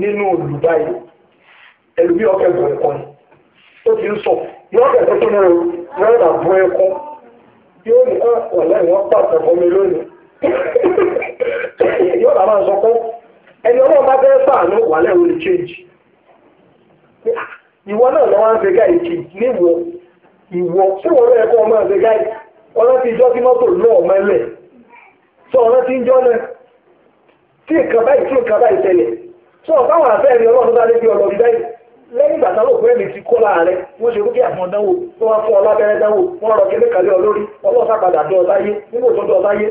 nínú olùgbà yìí ẹlòmí ọkẹ bọ ẹkọ ni ó ti ń sọ yóò kẹ tó tó lọ wọn là bọ ẹkọ yóò ní ká ah, wàlẹ wọn pàṣẹ fún mi lónìí yóò là máa sọ pé ẹni ọlọ́run bá fẹ́ sàánú wàlẹ wọn lè change ah, ìwọ náà lọ wá ń ṣe gáì kì níwọ ìwọ tí wọn lọ ẹkọ ọmọ ẹ ṣe gáì ọlọ́tí ìjọ tí mọ́tò lọ ọmọ ẹlẹ sọ ọlọ́tí ìjọ náà tí nǹkan báyìí tí nǹkan báyìí tẹ̀lẹ̀ sọ báwọn àfẹ́ mi ọlọ́run bá débi ọ̀rọ̀ ìdá yìí lẹ́yìn ìgbà táwọn òpin ẹ̀mí ti kó láàárẹ̀ wọ́n ṣe rúkẹ́ àwọn dánwò tó wá fún ọlábẹ́rẹ́ dánwò wọ́n rọ kẹ́lẹ́ kàlẹ́ olórí ọlọ́ọ̀sá padà dán ọ̀tá ọ ọ wọ́n tún ṣe báyìí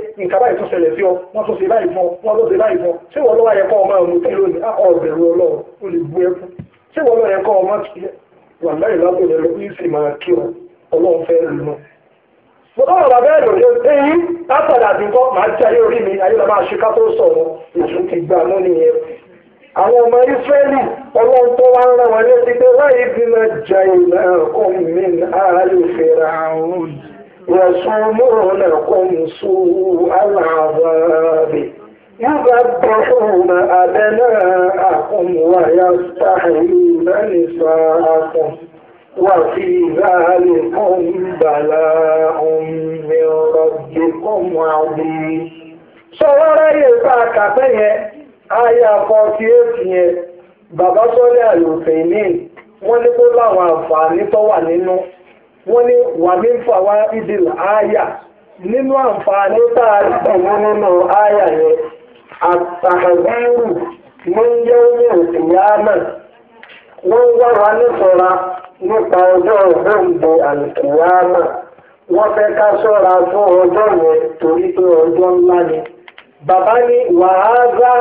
fún ọ ṣé wọ́n lọ́wọ́ ọmọ ọmọ kí lónìí àwọn ọmọ Ísírẹ́lì ọlọ́run tó wá ń rán wọn létí pé wáyé bímọ jẹ ìlà ọkùn mi ààrẹ fèrè àwọn wọ̀sùn mọ́ràn ẹ̀kọ́n sọ aláàbàbẹ̀ يذبحون أبناءكم ويستحيون نساءكم وفي ذلكم بلاء من ربكم عظيم sọ wọ́n ráyè bá a aya fọ́tí èsì yẹn bàbá sọ́lé àlòfin ní wọ́n ní kó láwọn àǹfààní tó wà nínú wọ́n ní wà ní fàwa ìdìl aya nínú àǹfààní tá a rí pẹ̀lú nínú aya yẹn àtàhàbírù ló ń yẹ ní òkèèyá náà wọ́n wá wa nítorá nípa ọjọ́ ògbóǹde àlùkìyá náà wọ́n fẹ́ ká ṣọ́ra fún ọjọ́ yẹn torí pé ọjọ́ ńlá ni bàbá ní wàhálà.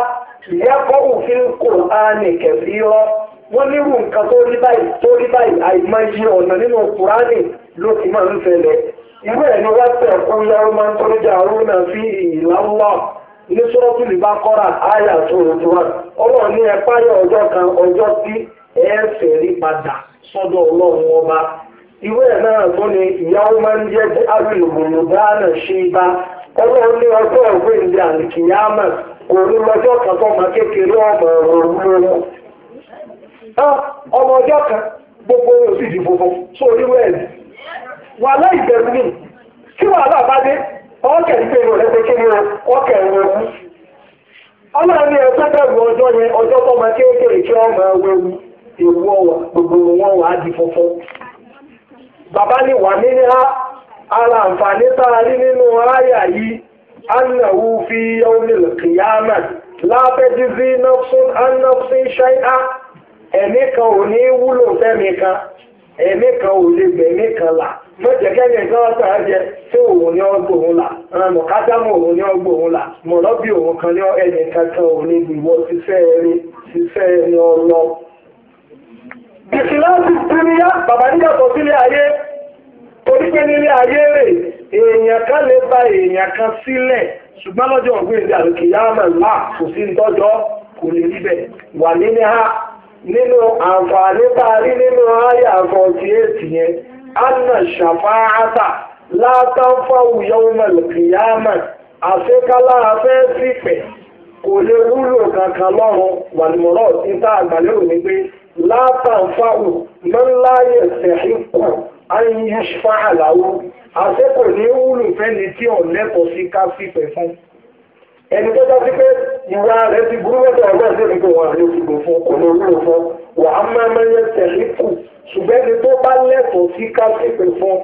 ìyẹ́kọ́ òfin kùránì kẹfìrọ́ wọ́n nírú nǹkan tó rí báyìí tó rí báyìí àìmọye ọ̀nà nínú kùránì ló ti máa ń fẹlẹ̀ irú ẹ̀ ni wọ́n tẹ̀ kú yẹ́rú máa ń tọ́jú náà fi ní sọ́ọ́tù kọ́ra àyà tó ní kan ọjọ́ tí ẹ fẹ́ rí padà sọ́dọ̀ ọlọ́run ọba irú ẹ̀ náà tó ni ìyàwó máa ń jẹ́ àrùn ṣe bá ọlọ́run ní ọjọ́ kò ní lọ́jọ́ kan tó máa kékeré ọmọ kan gbogbo orí òsì fọfọ, fún sórí wẹ́ẹ̀lì wà láì bẹ̀rù mi tí wàhálà bá dé ọkẹ̀ nígbè rẹ̀ lẹ́gbẹ̀ẹ́ kí ni ọkẹ̀ rẹ̀ wú. ọjọ́ yẹn ọjọ́ tó kékeré kí ọmọ ewu ọwà gbogbo wọn wà á di bàbá wà ara àǹfààní annahu fi yawmil qiyamah la tajzi nafsun an nafsin shay'a ẹ̀mí kan ò ní wúlò fẹ́mi kan ẹ̀mí kan ò lè gbẹ̀mí kan là mọ̀jẹ̀kẹ́ni kan wá tàn án jẹ tí òun ní ọgbọ̀n òun là ọ̀nà kájámọ̀ òun ní ọgbọ̀n òun là mọ̀lọ́bí òun kan ní ẹnì kankan òun ní ìwọ ṣiṣẹ́ ẹni ṣiṣẹ́ ẹni ọlọ. bìsìláàsì síríyá bàbá nígbà tó sílé ayé torí pé nílé ayé rè èèyàn kan lè ba èèyàn kan sílẹ̀ ṣùgbọ́n lọ́jọ́ ọ̀gbìn ìdí àlòkè yáàmà kò sí lè wà nínú ha nínú àǹfààní rí nínú àyà ti yẹn anna àṣekálá afẹ́ sípẹ̀ kò lè wúlò kankan lọ́rùn ayíyí fáàláwó àṣẹ́kò ní wúlò tí ò lẹ́tọ̀ sí ká fífẹ́ fún ẹni tó dá sí pé ìwà rẹ̀ ti burú lọ́dọ̀ ọgbọ́n sí ìrìnkè wọn àlè òfìgbò fún kò ní wúlò fún wà á máa mẹ́yẹ tẹ̀lé kù ṣùgbọ́n ẹni tó bá lẹ́tọ̀ sí to fífẹ́ fún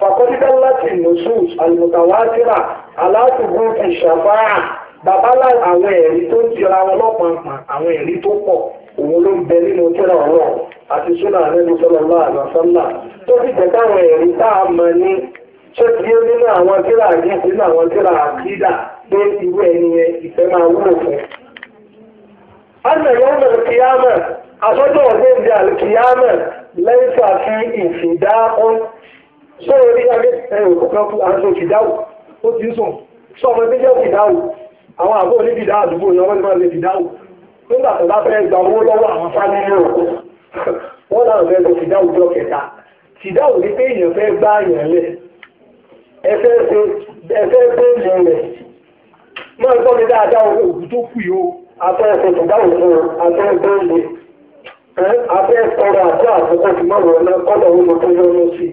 fàkọ́sídá láti nùsùs àlùmọ̀tàwátìrà aláàtúgbò ti ṣàfáà àwọn ẹ̀rí tó ń tira àwọn ẹ̀rí tó òun ló ń bẹ nínú tẹ́lá ọ̀rọ̀ àti súnà àlẹ́nu sọ́lọ́ náà àlọ́sọ́lá tó fi jẹ́ káwọn ẹ̀rí tá a mọ̀ ní tó ti ó nínú àwọn tẹ́lá àdínkù nínú àwọn tẹ́lá àkídà pé irú ẹni yẹn ìfẹ́ máa wúlò fún. Àgbẹ̀yọ́ mọ̀ kíámẹ̀ àsọ́jọ́ ọ̀gbẹ́ndì àlùkíámẹ̀ lẹ́yìnfà fi ìfìdá ọ́n. Sọ́rọ̀ ní ẹgbẹ́ ẹ̀rọ kọ̀ọ̀kan fún aṣọ ìfìdáwò ó ti ń sùn. Sọ́ọ̀mọ́ ẹgbẹ́ jẹ́ ìfìdáwò. Àwọn àbọ̀ onífìdá àdúgbò yẹn wọ́n ti máa lè fìdáwò nígbà tó bá fẹ́ gba owó lọ́wọ́ àwọn fámílì òkú wọ́n láwọn fẹ́ lọ fìdá òjọ kẹta fìdá òní pé èèyàn fẹ́ gbá èèyàn lẹ̀ ẹfẹ́ pé lè rẹ̀ máa gbọ́ mi dáadáa òkú tó kù yìí o afẹ́ ẹ̀fẹ́ fìdá òjò afẹ́ ẹgbẹ́ lè afẹ́ ọ̀rọ̀ àti àkókò ti máa wọ̀ ọ́nà kọ́lọ̀ òun mo tó yọ́nú sí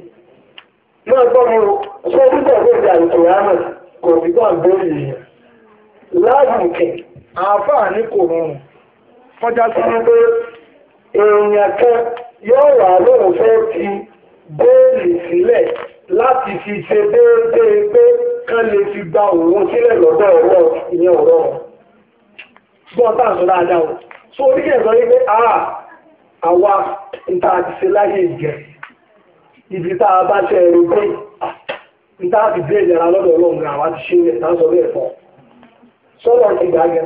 máa gbọ́ mi o ṣé nígbà tó ní kò rọrùn kọjá sí wípé èèyàn kan yóò wà lóhùn fẹ́ ti sílẹ̀ láti fi ṣe déédéé pé kán fi gba òun sílẹ̀ lọ́dọ̀ ọ̀rọ̀ ìyẹn ọ̀rọ̀ gbọ́n tá sọ dáadáa o so oríṣiríṣi sọ wípé àwa níta ti ṣe láyé ibi tá a bá ṣe ẹ̀rọ pé níta ti béèlì ara lọ́dọ̀ ọlọ́run àwa ti ṣe ilẹ̀ tá a sọ bẹ́ẹ̀ fọ́ sọ́dọ̀ ti gbàgẹ́.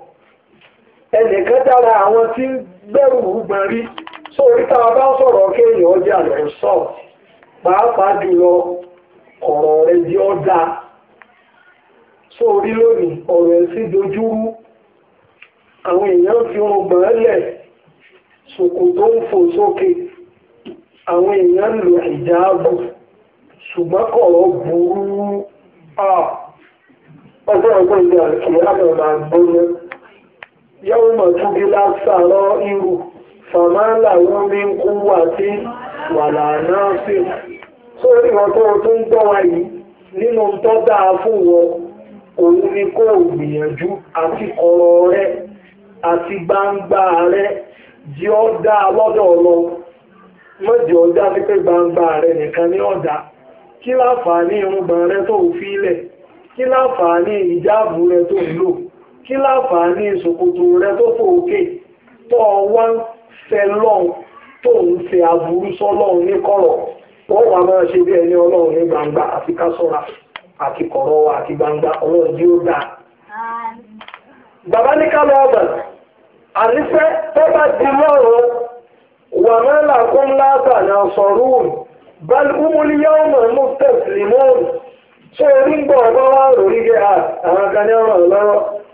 ẹnìkan dára àwọn tí ń bẹ̀rù rúgbọ̀n rí so oríta bá sọ̀rọ̀ kéèyàn ọjà lọ sọ pàápàá jùlọ ọ̀rọ̀ rẹ̀ di ọ̀dà so orí lónìí ọ̀rọ̀ ẹ̀sìn dojúrú àwọn èèyàn fi ọgbọ̀n lẹ̀ ṣòkòtò ń fò sókè àwọn èèyàn ń lo ìjáàbù ṣùgbọ́n buru burú ah! ọgbọ́n ọgbọ́n ìgbà ìyá máa gbóná yóò mọ̀ síbi lásàárọ̀ irú fàmálà wọn ní kú wà tí wàlà náà sí sórí wọn tó o tún gbọ́ wa yìí nínú tó dáa fún wọn òun ni kó o gbìyànjú àti ọ̀rọ̀ rẹ àti gbangba rẹ jí ọ dáa lọ́dọ̀ lọ mọ́jì ọjà sí pé gbangba rẹ nìkan ní ọ̀dà kí láǹfààní irúgbọ̀n rẹ tó fi lẹ̀ kí láǹfààní ìjáàbù rẹ tó ń lò kí láǹfààní ìṣòkòtò rẹ tó fò òkè tó wá ń fẹ́ lọ́n tó ń fẹ aburú sọ́lọ́run ní kọ̀rọ̀ wọ́n wà máa ṣe bí ẹni ọlọ́run ní gbangba àti kásọ̀ra àti kọ̀rọ̀ wa àti gbangba ọlọ́run tí ó dà. bàbá ní kálọ̀ ọ̀bà ànífẹ́ tó bá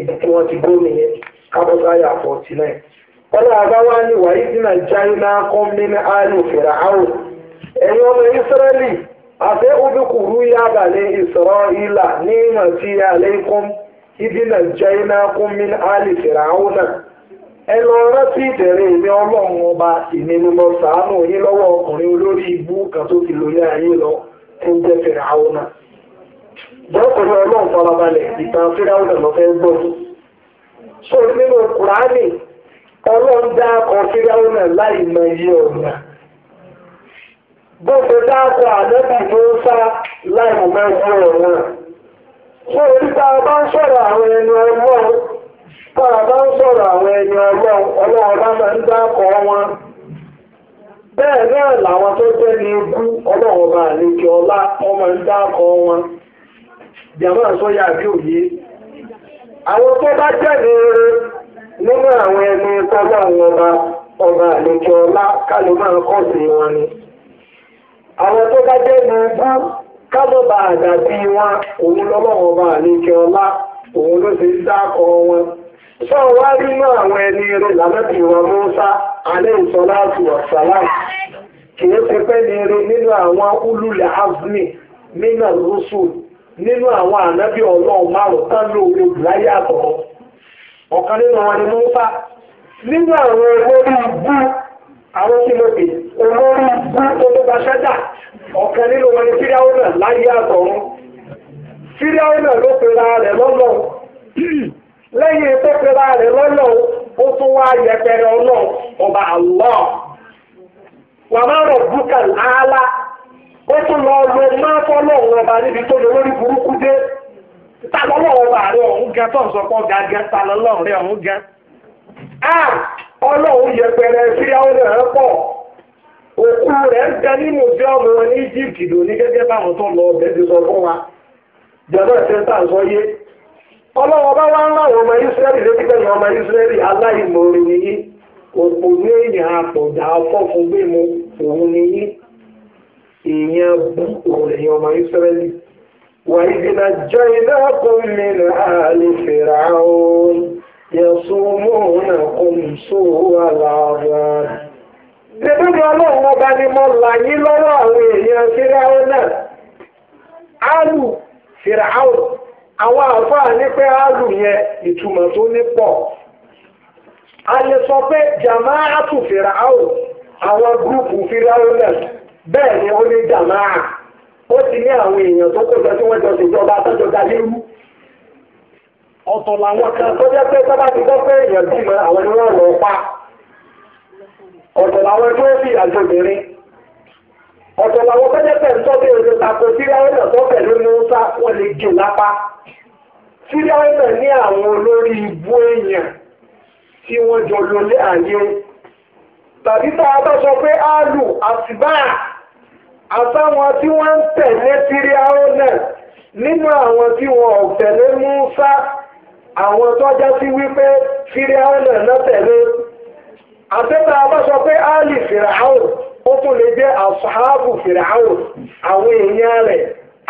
ibi tí wọ́n ti gómìn yẹn kábọ́sáyà forty nine. ọlọ́ àbáwá ni wàyí dínà jáínà kọ́mínì àlù fèrè àrùn ẹ̀yin ọmọ ìsírẹ́lì àfẹ́ obìkùrú yàgà ní ìsọ̀rọ̀ ìlà ní ìmọ̀tí àlẹ́kùn ìdínà jáínà kọ́mínì àlù fèrè àrùn náà ẹ lọ rántí ìmí ọlọ́run ọba ìnínú lọ sàánù yín lọ́wọ́ ọkùnrin olórí ibú jọ́kùnrin ọlọ́run farabalẹ̀ ìtàn fíráwùnà lọ́fẹ́ gbọ́ so nínú kùránì ọlọ́run dáàkọ fíráwùnà láì mọ iye ọ̀nà àdẹ́bì tó ń sá láì mọ ọ̀nà so nípa ń sọ̀rọ̀ àwọn ẹni ọlọ́run bá ń sọ̀rọ̀ làwọn tó jàmọ́ àsọ́yà àbí òye àwọn tó bá jáde nínú àwọn ẹni tọ́lá àwọn ọba ọba àlejò ọlá kálọ̀ máa kọ́ sí wọn ni àwọn tó bá jẹ́ ní àdàbí wọn òun ọba àlejò ọlá òun ló fi dákọ wọn sọ wá nínú àwọn ẹni rẹ làbẹ́bí wọn mọ́sá alẹ́ ìsọláàtù ọ̀sálàmù kì í ṣe pẹ́ ní rẹ nínú àwọn nínú àwọn ànábì ọlọ́run márùn tán lóore láyé àtọ̀kọ́ ọ̀kan nínú àwọn olórí ibú àwọn tí mo pè olórí tó tó bá ṣẹ́dà ọ̀kan nínú wọn ni fíráwọ́ náà láyé fíráwọ́ rẹ̀ lẹ́yìn ọba àlọ́ wàmárọ̀ áálá. ó tún lọ wo máa fọ́ lọ́wọ́ ọba níbi tó lọ lórí burúkú dé ta ọba rẹ ọ̀hún gan tó ń sọ pọ́ ta lọ́wọ́ rẹ ọ̀hún gan. a ọlọ́run òkú rẹ ń nínú ọmọ wọn ní Egypt gẹ́gẹ́ báwọn tó lọ sọ fún wa jọ̀dọ̀ sọ yé ọlọ́wọ́ bá ọmọ Israẹli létí ọmọ Israẹli òpò ní gbé mu èèyàn bún òun èèyàn ọmọ Ísírẹ́lì وإذ نجيناكم من آل فرعون يصومونكم سوء العذاب Nítorí ọlọ́run ọba ni mo là yín lọ́wọ́ àwọn èèyàn Fíráún Alu ní pé álù yẹn sọ àwọn náà. bẹ́ẹ̀ ni ó ní jàmáà ó ti ní àwọn èèyàn tó kó jọ tí wọ́n jọ ṣèjọba tọ́jọ́ ga lérú ọ̀tọ̀ làwọn kan tó jẹ́ pé ti gbọ́ pé èèyàn bímọ àwọn ni wọ́n lọ pa ọ̀tọ̀ làwọn tó fi àjò obìnrin ọ̀tọ̀ làwọn tó jẹ́ pé ń tọ́jú èdè tako síríáwé náà tó pẹ̀lú ní wọ́n lè jù lápá ní àwọn olórí ibú èèyàn tí wọ́n jọ àtàwọn tí wọ́n ń tẹ̀lé n'inu náà nínú àwọn tí wọ́n ò tẹ̀lé Mùsá àwọn tọ́já sí wípé síríáwó náà náà tẹ̀lé àtẹ́tà bá pé áàlì fìràáwò ó tún lè jẹ́ àṣàbù fìràáwò àwọn èèyàn rẹ̀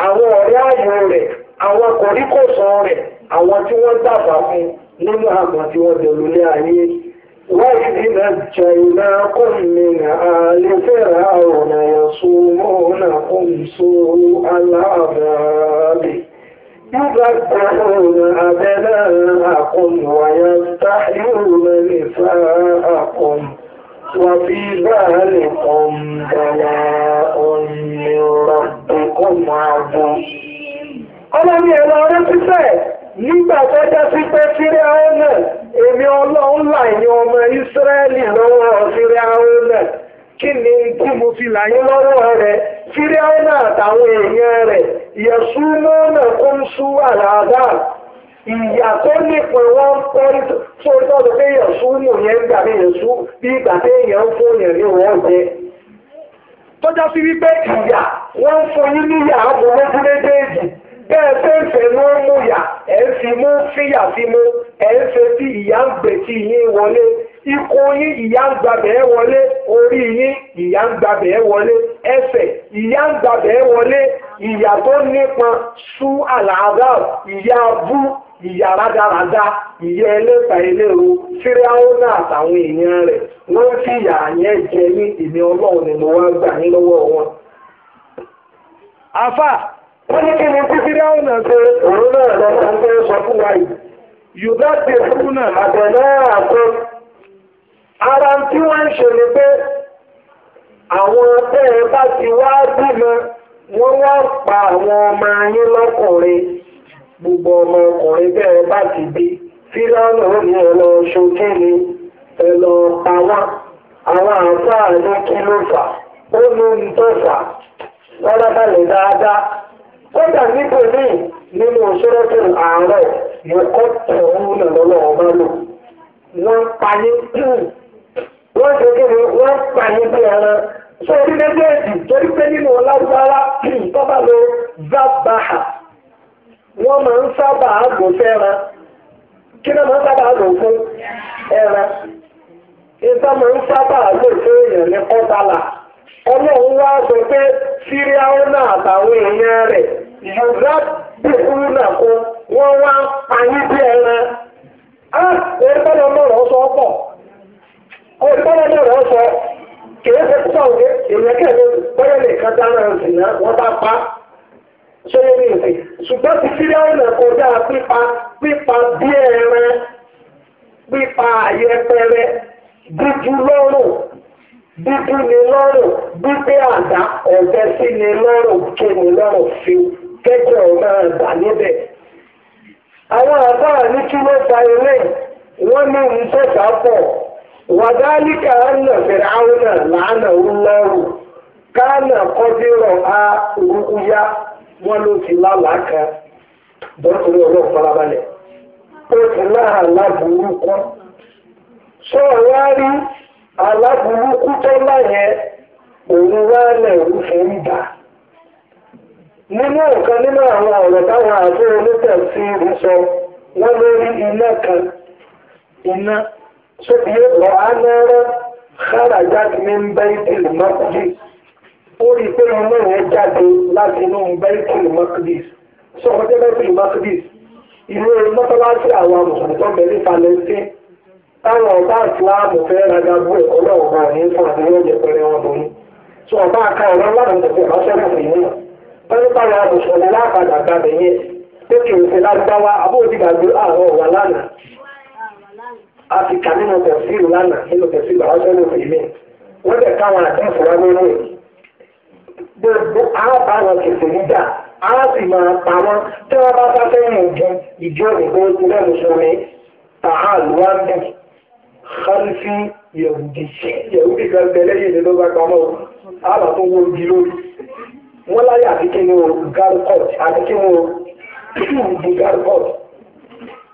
àwọn ọ̀rẹ́ ààyò rẹ̀ àwọn kòríkòsàn rẹ̀ àwọn tí wọ́n fún nínú àgbà tí wọ́n dẹ̀lú ní ayé ونجيناكم من آل فرعون يصومونكم سوء العذاب يذبحون أبناءكم ويستحيون نساءكم وفي ذلكم بلاء من ربكم عظيم. ألم يرى نفسه nígbà tó jẹ́ sí pé sírí àwọn náà èmi ọlọ́run là ní ọmọ ìsírẹ́lì lọ́wọ́ sírí àwọn náà kí ni kí mo fi láyé lọ́wọ́ rẹ̀ sírí àwọn náà àtàwọn èèyàn rẹ̀ yẹ̀sú mọ́nà kó ń sú àlàáfà ìyà tó nípa wọn pẹ́ tó tọ́jú pé yẹ̀sú nù yẹn gbà bí yẹ̀sú bí ìgbà pé èèyàn ń fún yẹn ní wọ́n jẹ tó jẹ́ sí wípé ìyà wọ́n fún yín níyà àbúrò fún méjèèjì bẹ́ẹ̀ ṣe ń fẹ̀mú mú yà ẹ̀ fi mú fíyà fi mú ẹ̀ yi fẹ́ tí ìyá ń gbè tí yín wọlé ikùn yín ìyá ń gbàbẹ̀ ẹ́ wọlé orí yín ìyá ń gbàbẹ̀ ẹ́ wọlé ẹsẹ̀ ìyá ń gbàbẹ̀ ẹ́ wọlé ìyà tó nípọn sú àlàáfà ìyá bú ìyá rádaràda ìyá ẹlẹ́ta àtàwọn èèyàn rẹ̀ wọ́n ní kí ni títí dáhùn ṣe òun náà lọ sí ọdún tó sọ fún wa yìí yorùbá ti fún náà àbẹ̀lẹ́ àtọ́ ara tí wọ́n ń ṣe ni pé àwọn bẹ́ẹ̀ bá ti wá bímọ wọ́n wá pa àwọn ọmọ yín lọ́kùnrin gbogbo ọmọ ọkùnrin bẹ́ẹ̀ bá ti bí fílọ́nù ní ẹlọ ṣojú ni ẹlọ pa wá àwọn àǹfààní kí ló fà ó ní ń tó fà wọ́n lábàlẹ̀ dáadáa. ní níbo míì nínú ṣọ́rọ́tò ààrẹ yòókọ́ tẹ̀wọ́n náà ọba lò wọ́n pa ní wọ́n ṣe kí wọ́n pa ní bí ẹran sọ orí méjèèjì torí pé nínú tọ́ba lo zabaha wọ́n máa ń sábà kí ló máa ń sábà lò fún ẹran máa ọlọ́run wá sọ pé síríáwó náà àtàwọn èèyàn rẹ̀ yorùbá dìkúrú náà kó wọ́n wá ayé bí ẹran á òrìbọ́lọ́ mọ̀rọ̀ sọ pọ̀ òrìbọ́lọ́ mọ̀rọ̀ sọ kìí ṣe púpọ̀ òkè èèyàn kẹ́lẹ́ bọ́yẹ̀ nìkan dáná sí náà wọ́n bá pa ní ṣùgbọ́n ti náà kọjá pípa pípa bí pípa bíbí ni lọ́rùn bíbí àdá ọ̀bẹ sí ni lọ́rùn ké ni lọ́rùn fi kẹ́jọ máa gbà níbẹ̀. àwọn àbá ní kí ló fa ilé wọn ní ìṣẹ̀dá pọ̀ wàdálíkà ànà fìràwùnà làánà ńlọrùn kánà kọ́dírọ̀ á rúkúyá aláburúkú tó láyẹ òun wálẹ̀ òun fi ń bà nínú ọ̀kan nínú àwọn ọ̀rọ̀ táwọn àjọ onítẹ̀sí rí sọ wọ́n lórí iná kan iná sóbi lọ anára kárajà ní bẹ́ẹ̀tìlì mọ́kùdís ó rí pé iná yẹn jáde láti inú bẹ́ẹ̀tìlì mọ́kùdís sọ wọ́n jẹ́ bẹ́ẹ̀tìlì mọ́kùdís ilé mọ́tọ́lá sí àwọn mùsùlùmí bẹ̀rẹ̀ falẹ̀ sí táwọn ọba ìsìláàmù fẹ́ rajà bú ẹ̀kọ́ náà wà ní fún àdéhùn ìjẹpẹrẹ wọn lórí tí ọba àká ọ̀rọ̀ láwọn tẹ̀sẹ̀ ìbáṣẹ́kù rèé náà wọ́n ní táwọn àmùsùlùmí láàpadà gbàgbé yẹn pé kì í ṣe lágbáwá abóòdìgbàgbé àárọ̀ wà lánàá a ti kà nínú tẹ̀síìlù lánàá nínú tẹ̀síìlù àwọṣẹ́lù rèé wọ́n dẹ̀ káwọn àdéhùn wa lórí gbogbo arábàárọ̀ kìsì nígbà a sì máa pa wọ́n tí wọ́n bá bá fẹ́ràn ìjọ ìjọ ìgbóhùn lẹ́nu sọmi tàhálù wá bẹ̀rẹ̀ kálífì yẹ̀wùdì yẹ̀wùdì kan bẹ lẹ́yìn ní lọ́gbà pamọ́ àlọ́ tó wọ́n di lórí wọ́n láyé àdíkè ní o garcot àdíkè ní o di garcot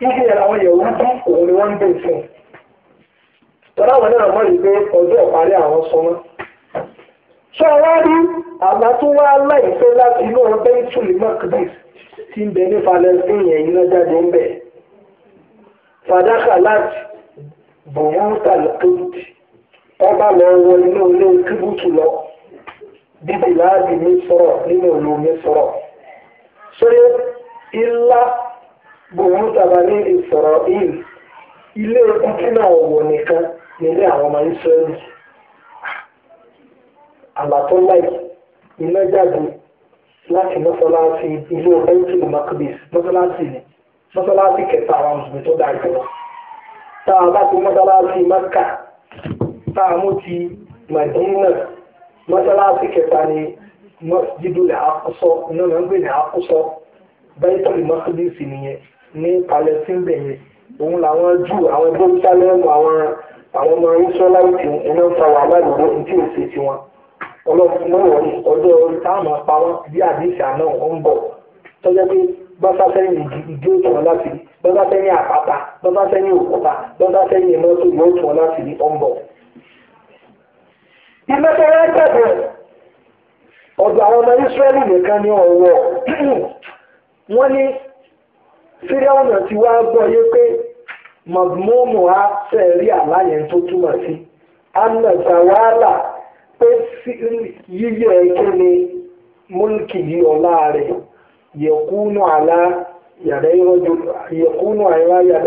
ibi yẹn àwọn yẹ̀wùdì òun ni wọ́n ń bè fún tọ́lá wọn náà mọ̀ yìí pé ọjọ́ ìparí àwọn sọmọ́ ṣé wá rí àgbà tó wá láìpẹ́ láti inú ọbẹ̀ ìtùlẹ̀ mọ́kàdís tí ń bẹ ní falẹ́sìn yẹn iná jáde ń bẹ̀ fàdákà láti bùyáta lẹ́kẹ́bùtì ọba lọ wọ inú ilé lọ bíbí láàbì mi sọ̀rọ̀ nínú ìlú mi sọ̀rọ̀ ṣé ilá bùyáta ní ìsọ̀rọ̀ yìí ilé kíkí náà nìkan nílé àwọn ọmọ Ísírẹ́lì àlàtọ́láì iná jáde láti mọ́sálásí ilé mọ́sálásí kẹta àwọn tá a bá ti mọ́sálásí maka tá a mú ti madina mọ́sálásí kẹta ni masjidul aqsa iná máa ń gbé ní aqsa baitul maqdis nìyẹn ní palestine bẹ̀yẹn òun làwọn jù àwọn jerusalem àwọn àwọn ọmọ israelite iná ń fa wàhálà lọ́wọ́ ní tí ò ṣe tiwọn ọlọ́run mọ́wọ́ ọjọ́ orí táwọn máa pa wọ́n bí àdéhìí àná ọ̀ ń bọ̀ tọ́jọ́ pé bọ́sá sẹ́yìn ìdí otu wọn láti rí bọ́sá sẹ́yìn àpáta bọ́sá sẹ́yìn òkúta bọ́sá sẹ́yìn ìmọ́tò yóò tù wọn láti wọn tẹ̀bẹ̀ ọ̀dọ̀ àwọn ọmọ Ísírẹ́lì nìkan ní ọ̀wọ́ wọ́n ní fíríọ̀nà tí wàá gbọ́ yé pé mọ̀gbọ́mù á yẹ̀kúnù àlá yàrá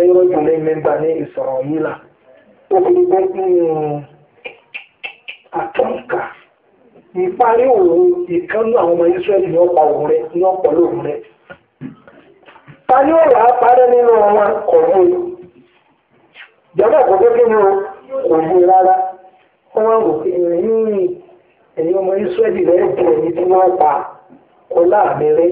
ìrọ́jù lé mẹ́ta ní ìsọ̀rọ̀ yìí là ó fi gbé àtọ́ǹkà ìparí òru ìkánú àwọn ọmọ Ísírẹ́lì ní ọ̀pá òun rẹ ní ọ̀pọ̀ lóòrùn rẹ ta ni ó wà á parẹ́ nínú wọn kọ̀ọ̀mù ìjọba kò gẹ́gẹ́ ní o kò yé rárá wọ́n wá wò pé ẹ̀yìn ọmọ Ísírẹ́lì rẹ̀ bẹ̀rẹ̀ ní tí wọ́n pa kó láàmì rẹ̀.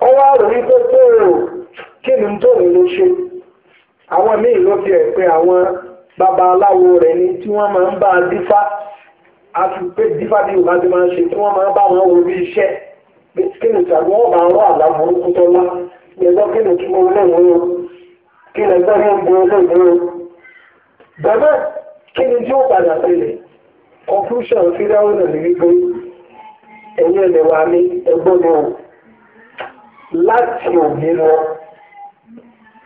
ó wá rò wípé tó o kí ni tó ń lo ṣe àwọn míì ló fi ẹ̀ pé àwọn babaláwo rẹ̀ ni tí wọ́n máa ń bá a dífá àti pé dífá bí yorùbá ti máa ń ṣe tí wọ́n máa ń bá wọn wo bí iṣẹ́ kí ni tàbí wọ́n bá ń rọ àlá burúkú tó lá ẹgbẹ́ kí ni túmọ̀ olóòwò o kí ni ẹgbẹ́ yóò gbé olóòwò o bẹ́ẹ̀ kí ni tí ó padà sílẹ̀ conclusion fíráwọ̀nà ní wípé ẹ̀yin ẹ̀lẹ́wà mi ẹgbọ́n mi ò láti òní lọ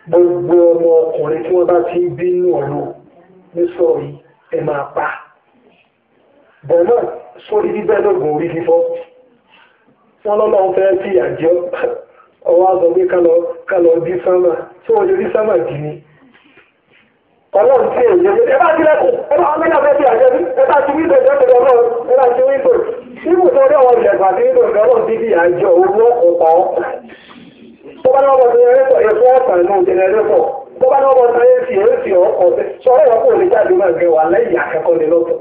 gbogbo ọmọ ọkùnrin tí wọ́n bá ti ń bínú ọ̀rọ̀ ní sọ̀rọ̀ yìí ẹ máa pa bọ̀ náà sórí bíbẹ́ lọ́gùn orí fífọ́ wọ́n lọ́lọ́ ń fẹ́ fi àjọ ọwọ́ àgbọ̀ pé ká lọ bí sámà tí wọ́n lè rí sámà dì ní ọlọ́run tí èyí ẹ bá ti lẹ́kùn ẹ bá wọn bí náà fẹ́ fi àjọ bí ẹ bá ti wíńdò ìjọba ọlọ́run ẹ bá ti wíńdò Ibù tó dé àwọn ìjẹ̀gbà tí nínú ìgbàlọ́ dídì àjọ owó ọ̀pọ̀. Tó bá náà bọ̀ sí ẹrẹ́tọ̀ ẹ̀fọ́ ọ̀tàn náà jẹnẹrétọ̀. Tó bá náà bọ̀ sí ẹ̀sì ẹ̀sì ọkọ̀ sí. Sọ̀rọ̀ ìwọ́pọ̀ òní jáde máa gbẹ wà lẹ́yìn akẹ́kọ̀ọ́ ni lọ́tọ̀.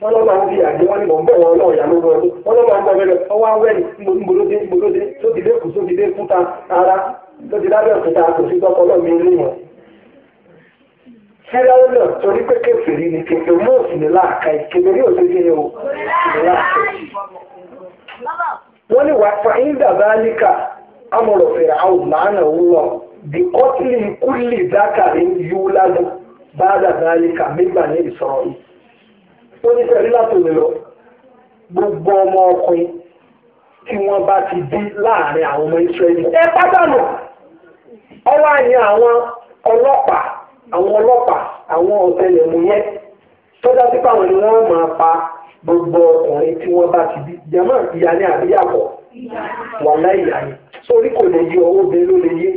Wọ́n lọ́ba ń fi àjẹ́ wọn ni mò ń bọ̀ wọn náà yà lóru ọdún. Wọ́n lọ́ba ń bọ̀ mẹ́lẹ̀ ọwọ́ awẹ́ ni mbolódé mbolódé tó ti dé kù tó ti dé kúta ara tó ti dábẹ́ òkúta kò sí tọ́kọ náà mi rí wọn. Ṣẹ́dáwó náà torí pé kèfèrí ni kèfèrí o. Láàka wọ́n ní wàá fa ìdá amọ̀rọ̀ fèrè àwọn màánà wúlọ̀ bí kọ́tìlì kúlì dákàrí yóò bá ní ìsọ̀rọ̀ yìí. ó ní sẹ́rí lọ gbogbo ọmọ ọkùnrin tí wọ́n bá ti bí láàrin àwọn ọmọ ẹ pátánù ọwọ́ àwọn ọlọ́pàá àwọn ọlọ́pàá àwọn tọ́jà sípò àwọn pa gbogbo ọkùnrin tí wọ́n bá ti bí jẹ́mọ́ ìyá ni àbíyàwó wà láì yá ni sórí kò lè yí owó bẹ́ẹ̀ ló lè yé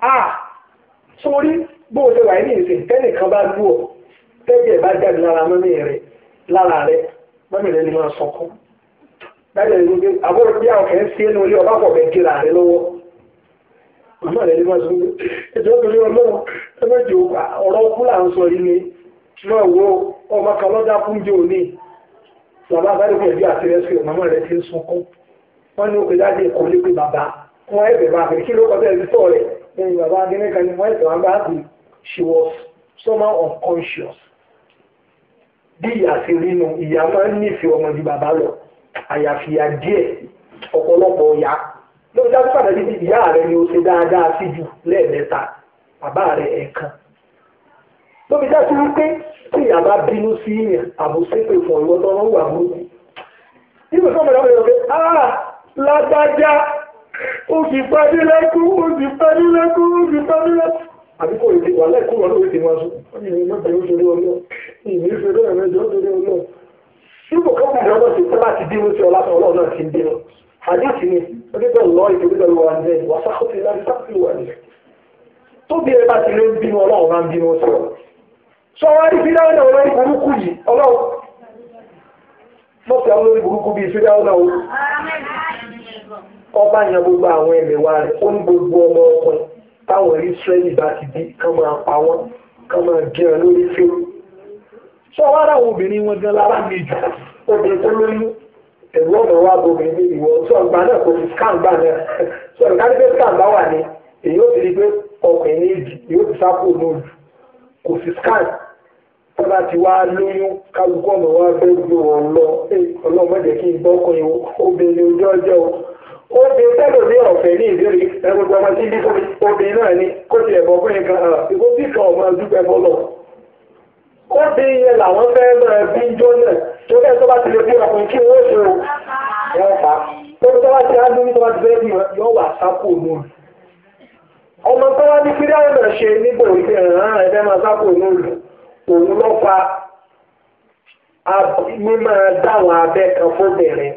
a sórí bó o ṣe wà ní ìsìn tẹ́nìkan bá lù ọ́ tẹ́jẹ̀ bá jáde lára mọ́mí rẹ̀ lára rẹ̀ mọ́mí rẹ̀ ni máa sọkún dájọ́ ìlú pé àbúrò bí àwọn kẹ́hìn sí ẹnu ilé ọba pọ̀ bẹ́ẹ̀ kíra rẹ̀ lọ́wọ́ màmá rẹ̀ ni máa sọ pé ẹjọ́ tó lé ọlọ́wọ́ ẹ mẹ́jọ ṣùgbọ́n ọmọ kan lọ́jà fún jẹ́ òní bàbá bá dùkú ẹ̀bí àti rẹ́sì ọmọ rẹ̀ ti ń sunkún wọ́n ní òkè jáde ẹ̀kọ́ lé pé bàbá wọ́n ẹ̀bẹ̀ bá bẹ̀rẹ̀ kí ló kọ́ bẹ́ẹ̀ sọ rẹ̀ lẹ́yìn bàbá adínẹ́kan ni wọ́n ẹ̀sẹ̀ wọn bá bẹ̀rẹ̀ she was somehow unconscious bí ìyá ti rí nu ìyá máa ń nífẹ̀ẹ́ ọmọ ju bàbá lọ àyàfi ìyá díẹ̀ ọ̀pọ̀lọpọ̀ ìyá lóòótọ́ pàtàkì ìyá rẹ̀ ni ó ṣe dáadáa sí lẹ́ẹ̀mẹ́ta bàbá rẹ̀ ẹ̀kan lóbi dájú wípé tí ìyá bá bínú sí ìyàn àbòsépè fún ọ̀rọ̀ tó wọ́n wà mú. nígbà tó mọ̀lá mọ̀lá pé a lágbájá ó fi pẹ́ẹ́lí lẹ́kú ó fi pẹ́ẹ́lí lẹ́kú ó fi pẹ́ẹ́lí lẹ́kú. àbí kò èdè wà lẹ́kú wọn ló èdè wọn sùn wọ́n ní mẹ́ta yóò ṣeré ọlọ́ ìní ṣeré ẹ̀rẹ́jọ́ ṣeré ọlọ́. nígbà tó kùnà ọlọ́ ti tẹ́lá ti bínú sí ọlá ọlọ́ náà ti ń bínú. àdéhùn ni wọ́n ti bẹ̀rù lọ́ọ́ ìdòwúdọ̀ wà ní ẹ̀ wàsákòtì láti sáfì wà ní. tóbi ẹ bá ti lé ń bínú ọlọ́run máa ń bínú sí ọ sọwárí fídáwọ́nà olórí burúkú yìí ọlọ́wọ́ mọ́fẹ́ olórí burúkú bíi fídáwọ́nà o ọba yan gbogbo àwọn ẹ̀mẹ̀wá rẹ̀ ó ní gbogbo ọmọ ọkùnrin táwọn ẹ̀rí Ísírẹ́lì bá ti di kán máa pa wọ́n kán máa gé wọn lórí fíó sọwárí àwọn obìnrin wọn gan lára mi jù obìnrin tó lóyún ẹ̀rú ọ̀nà wa bobìnrin mi ìwọ sọ̀gbà náà kò fi scan gbà náà sọ̀gbà ní pé scan bá wà ní èyí ó ti di pé ọkùnrin ní èjì yóò ti sá kúrò lóòjù kò sí scan bá ti wá lóyún kálukú ọmọ wa fẹ́ gbé wọn lọ ọlọ́mọdé kí n bọ́kùnrin obìnrin ojú ọjọ́ o obìnrin tẹ́lò ní ọ̀fẹ́ ní ìbéèrè ẹgbẹ̀gbẹ̀ ọmọ tí bí obìnrin náà ni kó ti ẹ̀bọ̀ fún nǹkan ah, ìgbó bí kan ọmọ dúpẹ́ bọ́lọ̀ obìnrin yẹn làwọn fẹ́ máa bí jó náà tó bẹ́ẹ̀ tó bá ti lè bí ọkùnrin kí wọ́n ṣe o wọ́n fà tó tó bá ti á ọmọ tó wá ní kíríà náà ṣe nígbà òfin ẹ̀rọ òun ló fa mímọ́ dáwọn abẹ́ kan fóbìnrin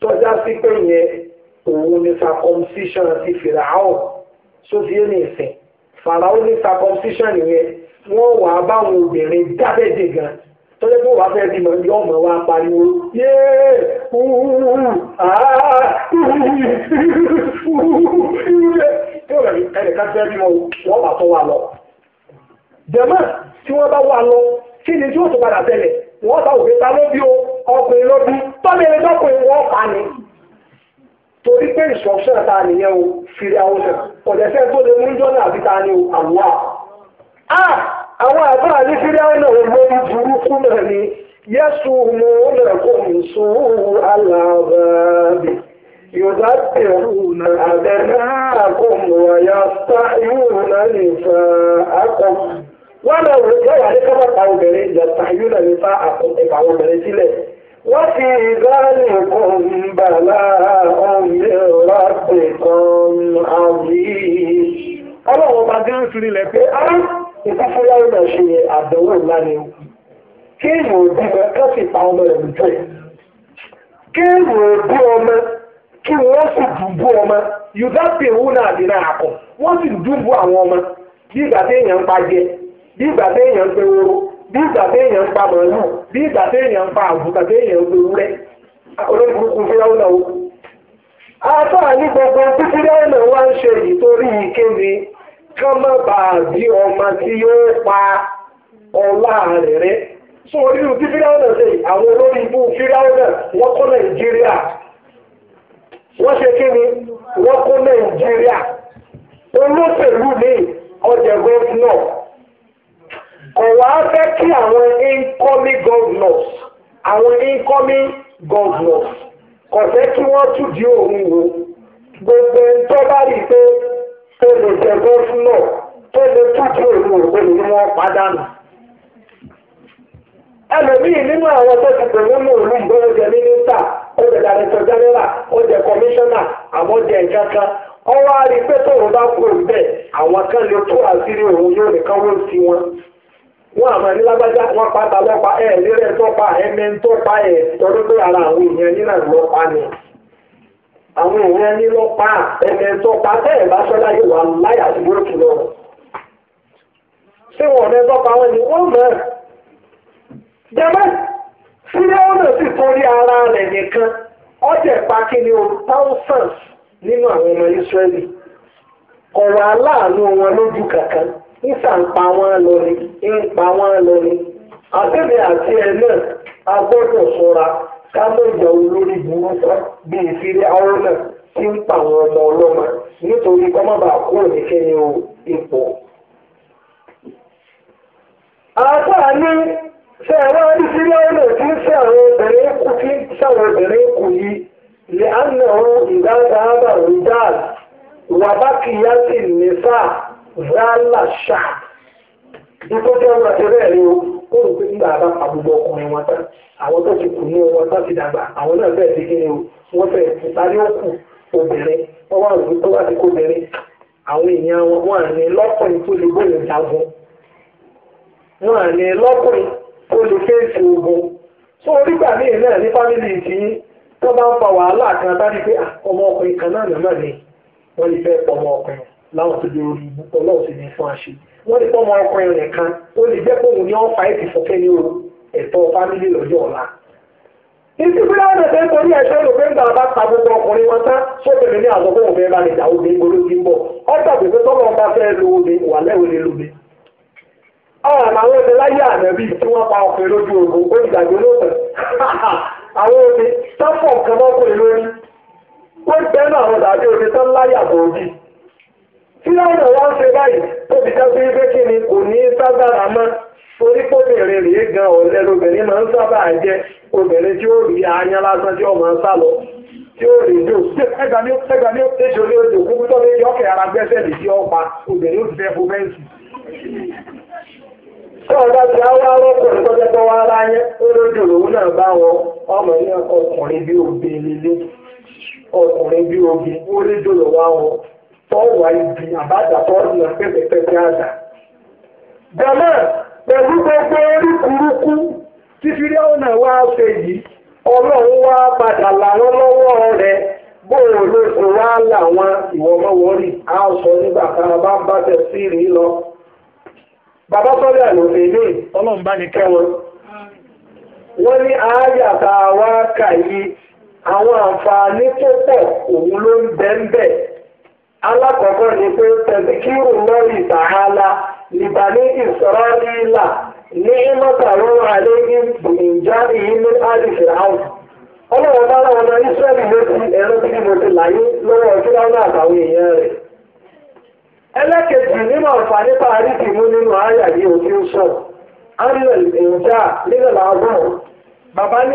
tọ́já sí pé yẹn òun ni circumcision ti fìlà áwọ̀ sófin ní ìsìn fàràó ní circumcision yẹn wọ́n wà báwọn obìnrin dábẹ́dẹ̀ gan tọ́jọ́ tó wà fẹ́ bímọ yọ ọmọ wa pariwo yéé ẹnìkan fẹ́ bímọ wọ́n bá tọ́ wa lọ jẹ̀mọ́ tí wọ́n bá wà lọ kí ni tí ó tó padà tẹ̀lẹ̀ wọ́n bá òfin ta ló bí o ọkùnrin ló bí tọ́lẹ̀ lọ́kùnrin wọ́n pa ni torí pé ìṣọ̀ṣẹ́ ta nìyẹn o fìrí àwọn ọ̀sẹ̀ ọ̀dẹ̀sẹ̀ tó lè mú jọ́nà àbí ta ni o àwọ̀ a àwọn àbúrò ní fìrí àwọn náà lórí burúkú náà ni yẹ́sù mo lè kó nṣó alábàbí yóò tẹ̀rùnà àbẹ̀rẹ̀ àkọ́mọ̀ ọ̀yà sáyùnà nìfà àkọ́mọ̀. wọ́n lọ wò ó yàrá ká má ta obìnrin yàtà yóò lọ nípa ìpa àwọn obìnrin sílẹ̀ wọ́n fi ìdáni kan bàlá ọ̀mí rápẹ̀ kan àbí. ọlọ́run ọba dé ń fi pé á ìfúnfúnyáwó náà ṣe àdánwò ńlá ni kí èèyàn òbí rẹ̀ ká sì ọmọ rẹ̀ lójú ẹ̀ kí èèyàn òbí ọmọ kí wọ́n sì dùbú ọmọ yorùbá pè wú náà dín náà àkọ́ wọ́n sì dùbú àwọn ọmọ bí ìgbà bí ìgbà téèyàn ń pe woro bí ìgbà téèyàn ń pa màálù bí ìgbà téèyàn ń pa àbùkà téèyàn ń pe wúrẹ́ olórí burúkú fíráwọ́ náà wò. àtọ́ àní gbogbo tí fíráwọ́ náà wá ń ṣe yìí torí ìkéde kán má bàa di ọmọ tí yóò pa ọlá rẹ̀ rẹ̀ fún onírú tí fíráwọ́ náà ṣe àwọn olórí ibú fíráwọ́ náà wọ́n kọ́ nàìjíríà wọ́n ṣe kí ni wọ́n kọ́ nàìjíríà olóṣèlú ní ọjà gọ́ọ̀fù náà. kò afẹ́ kí àwọn incoming governors àwọn incoming governors kò kí wọ́n tún di òun wò gbogbo ẹni bá rí i pé tó lè jẹ gọ́fúnà tó lè tún di òun wò ni wọ́n pàdánù. ẹlòmíì nínú àwọn tó ti pèmí mú òun mínísítà dàrẹ́tọ̀ jẹ́nẹ́rà kọmíṣánná àwọn ọwọ́ àrí wọn lágbájá wọn pátá pa pa ẹ̀ pé ara àwọn èèyàn nínà lọ́pa ni àwọn èèyàn ní pa ẹ̀ bá sọ́lá yìí wà láyà sí lọ. ṣé wọn wọn ni jẹ́mẹ́ sílẹ̀ sì torí ara rẹ̀ nìkan o thousands nínú àwọn ọmọ ọ̀rọ̀ aláàánú wọn lójú kankan. ìsà ń pa wọ́n lọ ni ń pa wọ́n lọ ni àtẹ̀lé àti ẹ̀ náà a gbọ́dọ̀ ṣọ́ra ká ló jẹ́ olórí burúkú bíi ìfìrí àwọn náà tí ń pa àwọn ọmọ ọlọ́mọ nítorí kọ́ má bàa kúrò ní kẹ́ni o ipò. àtà ní ṣe àwọn oníṣirí ọ̀nà tí ń ṣe àwọn obìnrin kù tí ń ṣe àwọn obìnrin kù yìí lè á nà ọ́ ìdájọ́ àbàrún dáàbò wàbákìyá sì ní sáà zala sharp nítorí tí wọ́n ti bẹ́ẹ̀ rí o ó rò pé nígbà bá pa gbogbo ọkùnrin wọn tán àwọn tó ti kù ní wọn tán ti dàgbà àwọn náà bẹ́ẹ̀ ti kéré o wọ́n fẹ́ ìparí òkú obìnrin wọ́n wà lórí tó wà sí kóbìnrin àwọn èèyàn wọn wọn à ní lọ́kùnrin tó lè bóyè jagun wọn à ní lọ́kùnrin tó lè fèsì ogun tó onígbà míì náà ní fámìlì tí tó bá ń fa wàhálà kan tá ní pé ah, ọmọ ọkùnrin kan náà nàmọ́ ni wọ́n lè fẹ́ ọmọ ọkùnrin láwọn tó lè rí ibú ọlọ́run sì ní fún àṣẹ wọ́n ní pọ́nmọ́ ọkùnrin nìkan ó lè jẹ́ pòun ní ọ̀fà ètò ìfọ̀kẹ́ ní oru ẹ̀tọ́ fámílì lọ́jọ́ ọ̀la. ìsì fúnra ọ̀nà tẹ́ ń torí ẹ̀ṣọ́ ló fẹ́ ń gbà bá ta gbogbo ọkùnrin wọn tán sóbìnrin ní àwọn ọgbọ́n òfin bá lè dà obìnrin gbòòrò ti ń bọ̀ ọ̀dà gbogbo tọ́lọ́ ọba fẹ́ lo omi wà lẹ́wọ̀ lé lómi. àwọn àwọn ẹni láyé ànábì tí wọ́n pa ọkùnrin lójú ogun ó ìgbàgbé lóòtọ́ àwọn omi sáfọ̀ kan mọ́kùnrin lórí ó gbẹ́nu àwọn dàbí omi tán láyà bòógì tí láwọn wá ń ṣe báyìí tó fi dájú kí ni kò ní sábàrà mọ́ torí pòbìnrin rèé gan ọ̀lẹ lóbìnrin máa ń sábà jẹ́ obìnrin tí ó rí aáyán lásán tí ó máa sá lọ tí ó rí ní èso ní ara gbẹ́sẹ̀ lè ọpa obìnrin ó fẹ́ fún ti àwọn arọ́kùnrin tó jẹ́ tó wá láyé tọ́wà ibi àbájá tọ́ọ̀lù pẹ́pẹ́pẹ́ àjà. Bẹ̀mọ́ pẹ̀lú gbogbo oríkúrúkú tí ọ̀nà wá ṣe yìí, ọlọ́run wá padà làwọn lọ́wọ́ rẹ̀ bóòrò ló wá sọ nígbà tá a lọ. Bàbá sọ́lẹ̀ ní ọlọ́run bá ní Wọ́n ní alákọ̀ọ́kọ́ ni pé tẹ̀síkírù lọ́rì tàhálà libani israẹ́lá ní ìmọ̀tàrú àlẹ́yìn bùnìjáde yìí ní àwọn. ọlọ́wọ́ bá láwọn ọmọ ìsírẹ́lì létí ẹ̀rọ tí mo ti láyé lọ́wọ́ fúláwọ́ àtàwọn èèyàn rẹ̀. ẹlẹ́kẹ̀jì nínú àǹfààní mú nínú àyà sọ ariel nílẹ̀ làbọ̀ bàbá ní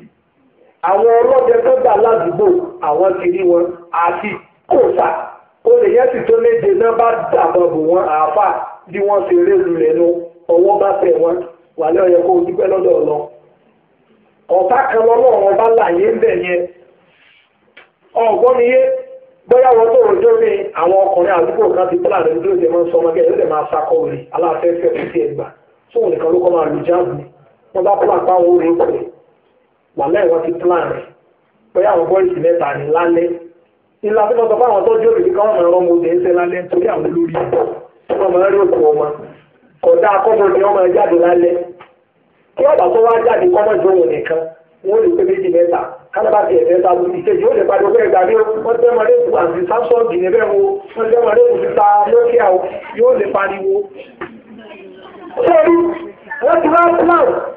àwọn ọlọ́dẹ tó gbà ládùúgbò àwọn ti rí wọn àti kòsà olè yẹn sì tó léde náà bá dàbọ̀ bò wọn àáfà bí wọ́n ṣe eré lulẹ̀ nu ọwọ́ bá tẹ̀ wọ́n wàlẹ́ ọ̀yẹ́ kó o dúpẹ́ lọ́dọ̀ lọ. ọ̀tá kan lọ́lọ́run bá láàyè ń bẹ̀ yẹn ọ̀gbọ́n mi yé bóyá wọn tó rojọ́ ní àwọn ọkùnrin àdúgbò kan ti pílà rẹ̀ dúró jẹ́ máa ń sọ ọmọge yóò dẹ̀ máa sakọ òrì aláfẹ́fẹ́ kò sí ẹgbà sóhun nìkan ló kọ́ máa lù jáàbù wọn bá pílà pa àwọn orin pẹ̀lẹ́ wàhálà ìwọ ti plan rẹ̀ pé àwọn bọ́ọ̀lù mẹ́ta ní lálẹ́ ìlà tí wọ́n sọ fáwọn tó jókòó ní káwọn ọmọ ọmọ obìnrin ṣe lálẹ́ torí àwọn olórí wọn máa rí òkú ọmọ kódà akọ́mọ ni wọ́n máa jáde lálẹ́ kí ọ̀bà tó wá jáde kọ́mọ ju òun nìkan wọ́n lè pé méjì mẹ́ta kálábà ti ẹ̀fẹ́ ta bu ìkejì ó lè padà ọgbẹ́ ìgbà ní wọ́n tẹ́ ọmọdé bu àti sásọ́ọ̀dì ní bẹ́ẹ̀ wo wọ́n tẹ́ ọmọdé bu títa lókè àwọn yóò lè pariwo. sọ́ọ́rí wọ́n ti wá plan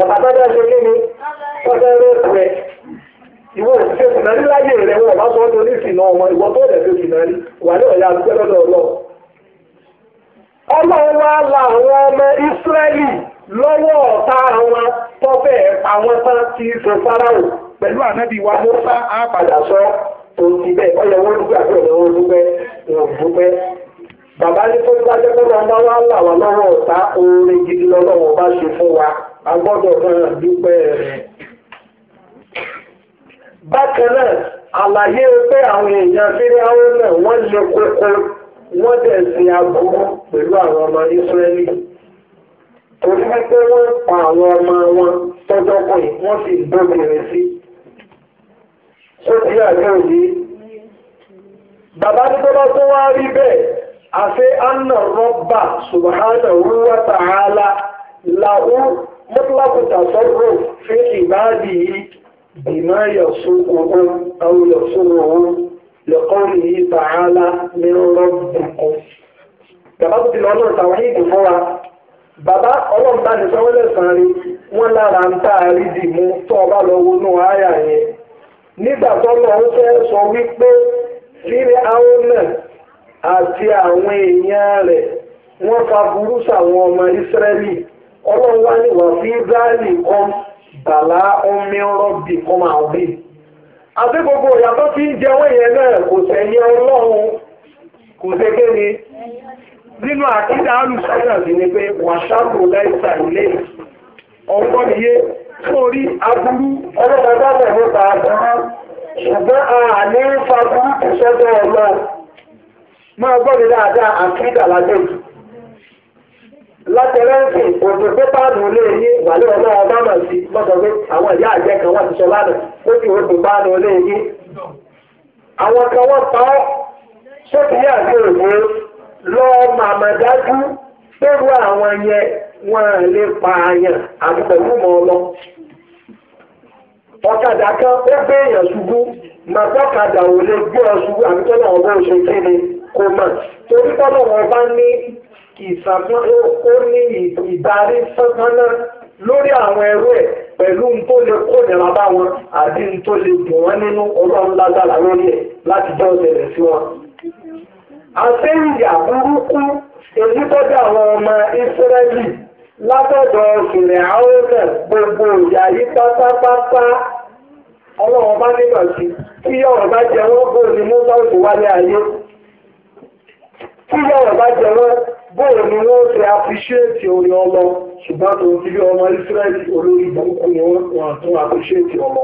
ọ̀tàtàjọ́ ṣe kí ni tọ́jọ́ rẹ̀ rẹ̀ ìwọ òṣìṣẹ́ sì náà níláyé rẹ̀ wọ̀ bá sọ ọ́ ní ìsìn náà wọn ìwọ tó rẹ̀ tó sì náà ọlọ́run wá la àwọn ọmọ ìsírẹ́lì lọ́wọ́ ọ̀tá àwọn tọ́fẹ́ pa tán ti sọ fáráwò pẹ̀lú ànábì wa mọ́sá á padà sọ tó ti bẹ́ẹ̀ ọ̀yẹ̀wò dúpẹ́ àti ọ̀yẹ̀wò dúpẹ́ wọn dúpẹ́ bàbá ní tó bá jẹ́ kọ́nà bá wá là wá lọ́wọ́ ọ̀tá oore gidi lọ́wọ́ bá ṣe fún wa a gbọ́dọ̀ náà dúpẹ́ rẹ̀. bákan náà àlàyé pé àwọn èèyàn fíráwó náà wọ́n lè kókó wọ́n dẹ̀ sí aburú pẹ̀lú àwọn ọmọ Ísírẹ́lì torí wípé wọ́n pa àwọn ọmọ wọn tọ́jọ́kùnrin wọ́n sì gbóbìnrin sí. ó ti àjọ yìí bàbá ní tó bá tó wá rí bẹ́ẹ̀ àfi anna rọ́bà subhanahu wa ta'ala làwọn mọ́tòlákù tàṣọ́rọ̀ fi ìbáàdì yìí bìmá yasuquhu aw yasuruhu liqawlihi ta'ala ní rọ́bà kan. bàbá tó ti lọ náà tàwọn ìdè fún wa bàbá ọlọ́mọba ní sọ́wọ́lẹ̀ sanre wọ́n lára ń tá a rí dìmú tó ọba lọ wọnú àyà yẹn nígbà tó lọ ń fẹ́ sọ wípé fírí àwọn náà àti àwọn èèyàn rẹ̀ wọ́n fa burú sáwọn ọmọ Ísírẹ́lì ọlọ́run wá ní wà fí dáàlì kan bàlá omi rọ́bì kan máa wí. àti gbogbo ìyàtọ̀ tí ń jẹun yẹn náà kò sẹ́yìn ọlọ́run kò sẹ́kẹ́ ni nínú àkídà alùsọ́nà sí ni pé wàṣàrò láìsà ilé ọgbọ́n niyé sórí aburú ọlọ́run bá bọ̀ nípa àgbọ̀n ṣùgbọ́n a ní fa burúkú sọ́dọ̀ ọlọ́run máa gbọ́ mi dáadáa àkídà lábẹ́ yìí látẹrẹ́ǹsì òtún pépà nù lé yín wàlẹ́ ọmọ ọba mà sí lọ́sọ̀ pé àwọn ìyá àjẹ́ kan wà ti sọ lánàá ó sì wọ́n pépà nù lé yín àwọn kan wọ́n pa ọ́ sókè yá àti òwe lọ́ọ́ màmàdájú pẹ̀lú àwọn yẹn wọ́n lè pa àyàn àti pẹ̀lú mọ́ ọ lọ ọ̀kadà kan ó gbé èèyàn ṣubú màtọ́kadà ò lè gbé ọ ṣubú àbí tọ́lá ọ̀gbọ́n òṣèké ni kò mọ̀ torí tọ́lọ̀ wọn bá ní ìsàmọ́ ó ní ìdarí sọ́kànnà lórí àwọn ẹrú ẹ̀ pẹ̀lú n tó lè kó nira bá wọn àbí n tó lè dùn wọ́n nínú ọlọ́run lágbára lórí ẹ̀ láti jẹ́ ọ̀sẹ̀rẹ̀ sí wọn. àtẹ̀yìyà burúkú èyí tó dé àwọn ọmọ ìsírẹ́lì látọ̀dọ̀ òkèèrè àwọn ọ̀nà gbogbo ìyá yìí pátápátá ọlọ́run bá nígbà sí kí ọ̀rọ̀ bá jẹ wọ́n bò ní mọ́tò ìwálé ayé tí yàrá bá jẹ wọn bóyá ni wọn ṣe appreciate orí ọmọ ṣùgbọ́n tó ń fi ọmọ Israẹli olórí ìbùkún ni wọn wọn tún appreciate ọmọ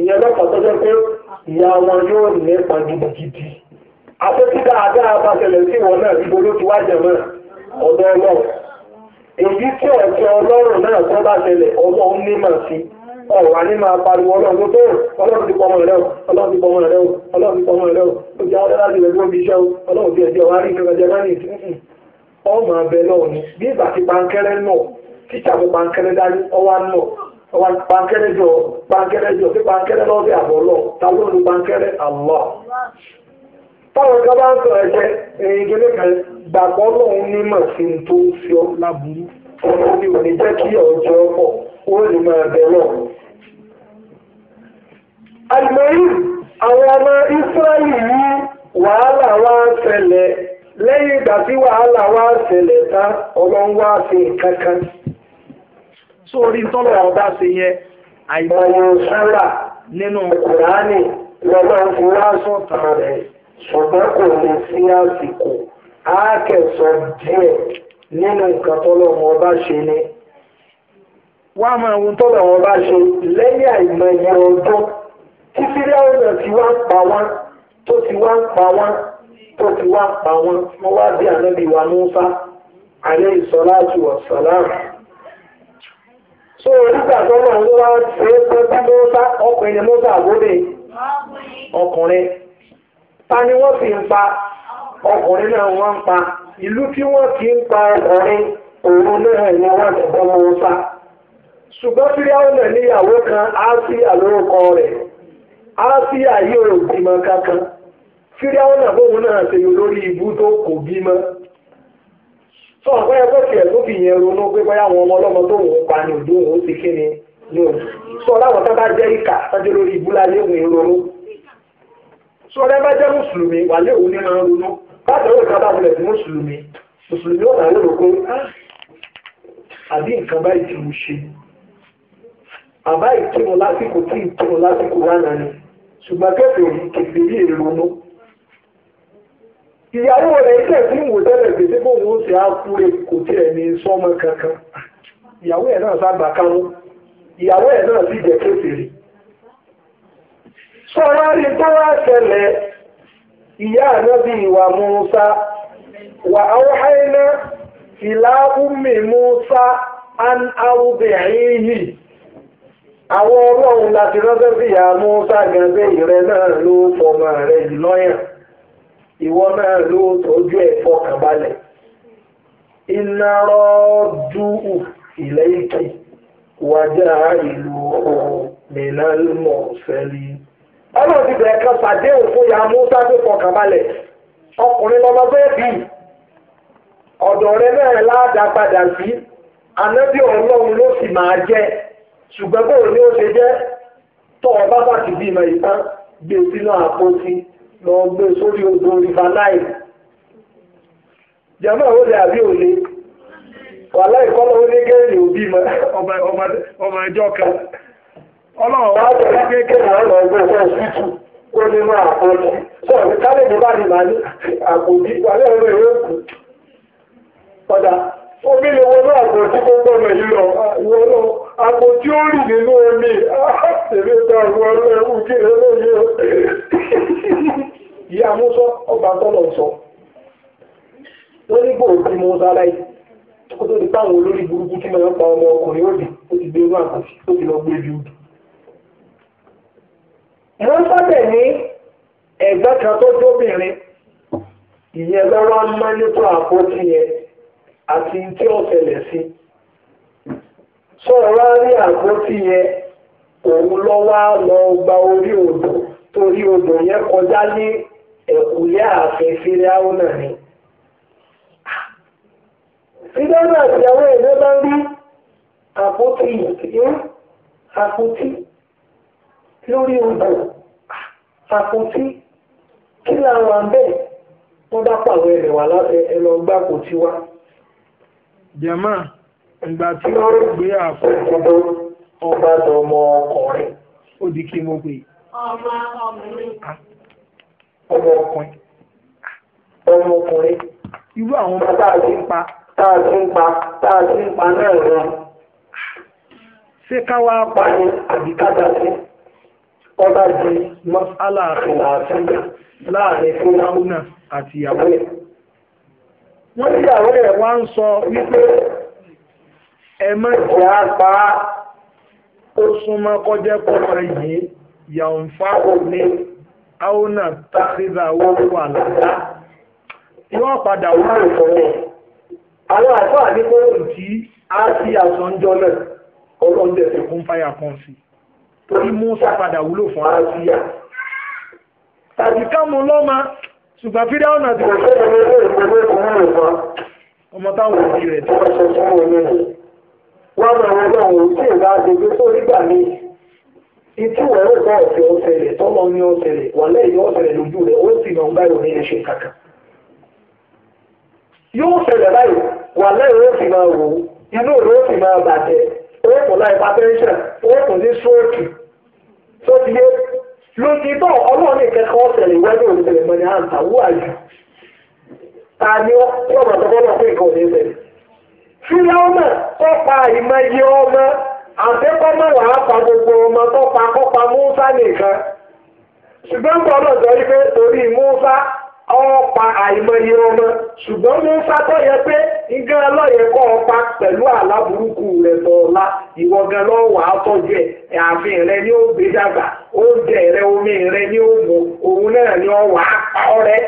ìyẹn lọ́pàá tó jẹ́ pé ìyá wọn yóò ní ẹ̀pà gidigidi àtẹ́tí dáadáa bá ṣẹlẹ̀ sí wọn náà ibo ló ti wá jẹ̀mọ́ ọ̀dọ̀ ọlọ́run èyí tí ọ̀tí ọlọ́run náà tó bá ṣẹlẹ̀ ọlọ́run ní màá sí i ọ̀wà ní máa pariwo ọlọ́run tó ọlọ́run ti pọ̀ ọmọ rẹ̀ ọlọ́run ti pọ̀ ọmọ rẹ̀ ọlọ́run ti pọ̀ ọmọ rẹ̀ ó ti àwọn ọlọ́run ti rẹ̀ lóbi iṣẹ́ ọlọ́run ti ẹ̀jẹ̀ wá rí ìṣẹ́ ọjọ́ náà nìyí ọmọ abẹ náà ni bí ìgbà ti pankẹ́rẹ́ náà títà mi pankẹ́rẹ́ dání ọwá náà ọwá pankẹ́rẹ́ jọ pankẹ́rẹ́ jọ sí pankẹ́rẹ́ lọ́ọ̀dẹ̀ àbọ̀ lọ ta ló lu pankẹ́rẹ́ àlọ́ táwọn kan bá ń sọ ẹ̀jẹ̀ ẹ̀yìn kele kan gbàgbọ́ lòun nímọ̀ sí tó ń fi ọ́ láburú ọ̀rọ̀ mi ò ní jẹ́ kí ọjọ́ pọ̀ wọ́n lè máa bẹ̀ náà. àwọn ọmọ Ísírẹ́lì yìí wàhálà wá ṣẹlẹ̀ lẹ́yìn ìgbà tí wàhálà wá ṣẹlẹ̀ tá ọlọ́run wá fi wá sọ̀tàn rẹ̀ ṣùgbọ́n kò lè sí àsìkò á nínú nǹkan ọba ṣe wọ́n á máa wo tó lọ́wọ́ bá ṣe lẹ́yìn àìmọ̀ ìyẹn ọjọ́ tí fíríàwó náà ti wá ń pa wọ́n tó ti wá ń pa wọ́n tó ti wá ń pa wọ́n wọ́n wá bí ànábì wa Mùsá alẹ́ ìsọ̀láàtù ọ̀sọ̀láàmù. so nígbà tó náà ń wá ṣe é pé bí Mùsá ọkùnrin ni Mùsá àbúrò ọkùnrin ta ni wọ́n fi ń pa ọkùnrin náà wọ́n ń pa ìlú tí wọ́n fi ń pa ọkùnrin òun náà ni wọ́n ti bọ́ Mùsá. ṣùgbọ́n fíríàwọ̀nà níyàwó kan áásíà lórúkọ rẹ̀ áásíà yìí ò bímọ kankan fíríàwọ̀nà bóun náà ṣe lórí ibú tó kò bímọ sọ ọ̀pẹ́ ẹgbẹ́ tiẹ̀ tó fi yẹn ronú pé bóyá àwọn ọmọ ọlọ́mọ tó pa ní òun ti sọ láwọn bá jẹ́ ìkà sájú lórí ibú láyé òun ronú sọ ọ̀rẹ́ bá jẹ́ mùsùlùmí wà lé òun ní máa ronú bulẹ̀ mùsùlùmí mùsùlùmí àbá ìkínu lásìkò tí ìkínu lásìkò lánàá ni ṣùgbọ́n kẹfìrì kẹfìrì ìrònú. ìyàwó rẹ̀ tẹ̀ sí ìwò tẹ́lẹ̀ gbèsè bó wọn ṣe àkúrẹ́ kò tiẹ̀ ní sọ́mọ kankan ìyàwó ẹ̀ náà sábà kánú ìyàwó ẹ̀ náà sì jẹ́ kẹfìrì. sọ́ra rí tó wá ṣẹlẹ̀ ìyá ànábì ìwà Mùsá wà áwọ̀ ilá ummi Mùsá an arúgbìn yìí. àwọn ọlọ́run láti ránṣẹ́ sí ìyá Mùsá gẹ̀ẹ́sẹ́ ìrẹ náà ló fọmọ rẹ̀ yìí lọ́yàn ìwọ náà ló tọ́jú ẹ̀ fọkànbalẹ̀ iná rọ́ọ̀dúù ilẹ̀ ìkì wájà ìlú mìlálmọ̀ sẹ́lí. ọlọ́run ti bẹ̀rẹ̀ kan ṣàdéhùn fún ìyá Mùsá tó fọkànbalẹ̀ ọkùnrin lọ́mọ bẹ́ẹ̀ bí ọ̀dọ̀ rẹ̀ náà ládàá padà sí ọlọ́run ló sì máa jẹ́ ṣùgbọ́n bóò ni ó ṣe jẹ́ tọ́ ọba bá bàtì bímọ ìtàn gbé sínú àpótí lọ gbé sórí river nile jẹ́mọ́ ó abi àbí òlé wà láì kọ́ lọ́wọ́ ní gẹ́ẹ̀lì òbí ọmọ ẹjọ́ kan ọlọ́run wá jẹ́ kékeré ọ̀rọ̀ ọgbẹ́ ọ̀sán ìsìtù ó ní mọ́ àpótí sọ̀rọ̀ kálẹ̀dì bá ní màá ní wà ìwé ọ̀dà omi ni wọn náà àpò tí ó rì nínú omi àtẹ̀lé àwọn ẹlẹ́wù kí ẹlẹ́yẹ ìyá amúsọ ọba tọ́lọ̀ sọ wọ́n ní bò mo sára yìí kó tó di táwọn olórí burúkú tí mo pa ọmọ ọkùnrin ó di ó ti gbé inú àkàtì ti lọ gbé ibi odò. wọ́n sábẹ̀ ní ẹ̀gbẹ́ kan tó dóbìnrin ìyẹn lọ́wọ́ máa ń àpótí yẹn àti tí ó ṣẹlẹ̀ sí i sọ̀rọ̀ wá rí àgbótí yẹn òun lọ wá lọ gba orí odò torí odò yẹn kọjá ní ẹ̀kúlẹ̀ ààfin fíráwọ́ ni. fíráwọ́ náà ti àwọn ẹ̀dẹ́ bá rí àpótí yìí àpótí lórí odò àpótí kí làwọn abẹ́ wọ́n bá pàwọn ẹ̀rẹ̀ wà láti kò tí wá. jama ìgbà tí ó gbé àfẹ́fẹ́ ọba dọmọ ọkọ rẹ̀ ó di kí mo pè. ọmọ ọkùnrin. ọmọ ọkùnrin. ọmọ ọkùnrin. irú àwọn ọmọ tá a ti ń pa. tá a ti ń pa tá a ti ń pa náà rẹ. ṣé ká wá pa ni àbí ká dá sí. ọba di mọ́sálà àfẹ́láàfẹ́ láàrin fúnra náà àti ìyàwó rẹ̀. wọ́n ní ìyàwó rẹ̀ wá ń sọ wípé ẹ má jẹ́ apá ó súnmọ́ kọjá kọ́kọ́ yìí yàǹfà òní aona tàkìdà owó wà lọ́dá yóò padà wá ìfọwọ́ àwọn àtọ́ àdínkù tí a ti àsọ̀njọ́ náà ọlọ́dẹ fi kún fáyà kan sí torí Mùsá padà wúlò fún aráàlú tàbí kámú lọ́mà ṣùgbọ́n fídíà ọ̀nà tí wọ́n fẹ́ ọmọ táwọn òbí rẹ̀ tí wọ́n sọ fún ọmọ náà wọ́n ràn wọ́n lọ́wọ́ tí ìgbà àdègbè tó nígbà mi ìtú ẹ̀rọ ìgbà ọ̀sẹ̀ ọ̀sẹ̀lẹ̀ tọ́lọ ní ọ̀sẹ̀lẹ̀ wà lẹ́yìn o lójú rẹ̀ ó sì náà ń kankan. yóò ṣẹlẹ̀ báyìí wà lẹ́yìn ó sì máa wò ó inú rẹ̀ ó sì máa bàjẹ́ ó kùn láì pápẹ́ńṣà ó kùn ní sóòkì tó ti yé lójú tó ọlọ́ọ̀ni kẹ́kọ̀ọ́ fílámà tó pa ìmọye ọmọ àtẹ́kọ́mọ̀ wàá pa gbogbo ọmọ tó pa kọ́pa Mùsá nìkan ṣùgbọ́n gbọ́dọ̀ sọ wípé torí Mùsá ọ̀pá àìmọye ọmọ ṣùgbọ́n Mùsá yẹ pé kọ́ pẹ̀lú rẹ̀ ìwọ gan tọ́jú ẹ̀ rẹ ni ó gbé dàgbà oúnjẹ rẹ omi rẹ ni ó òun náà ni ọ pa rẹ.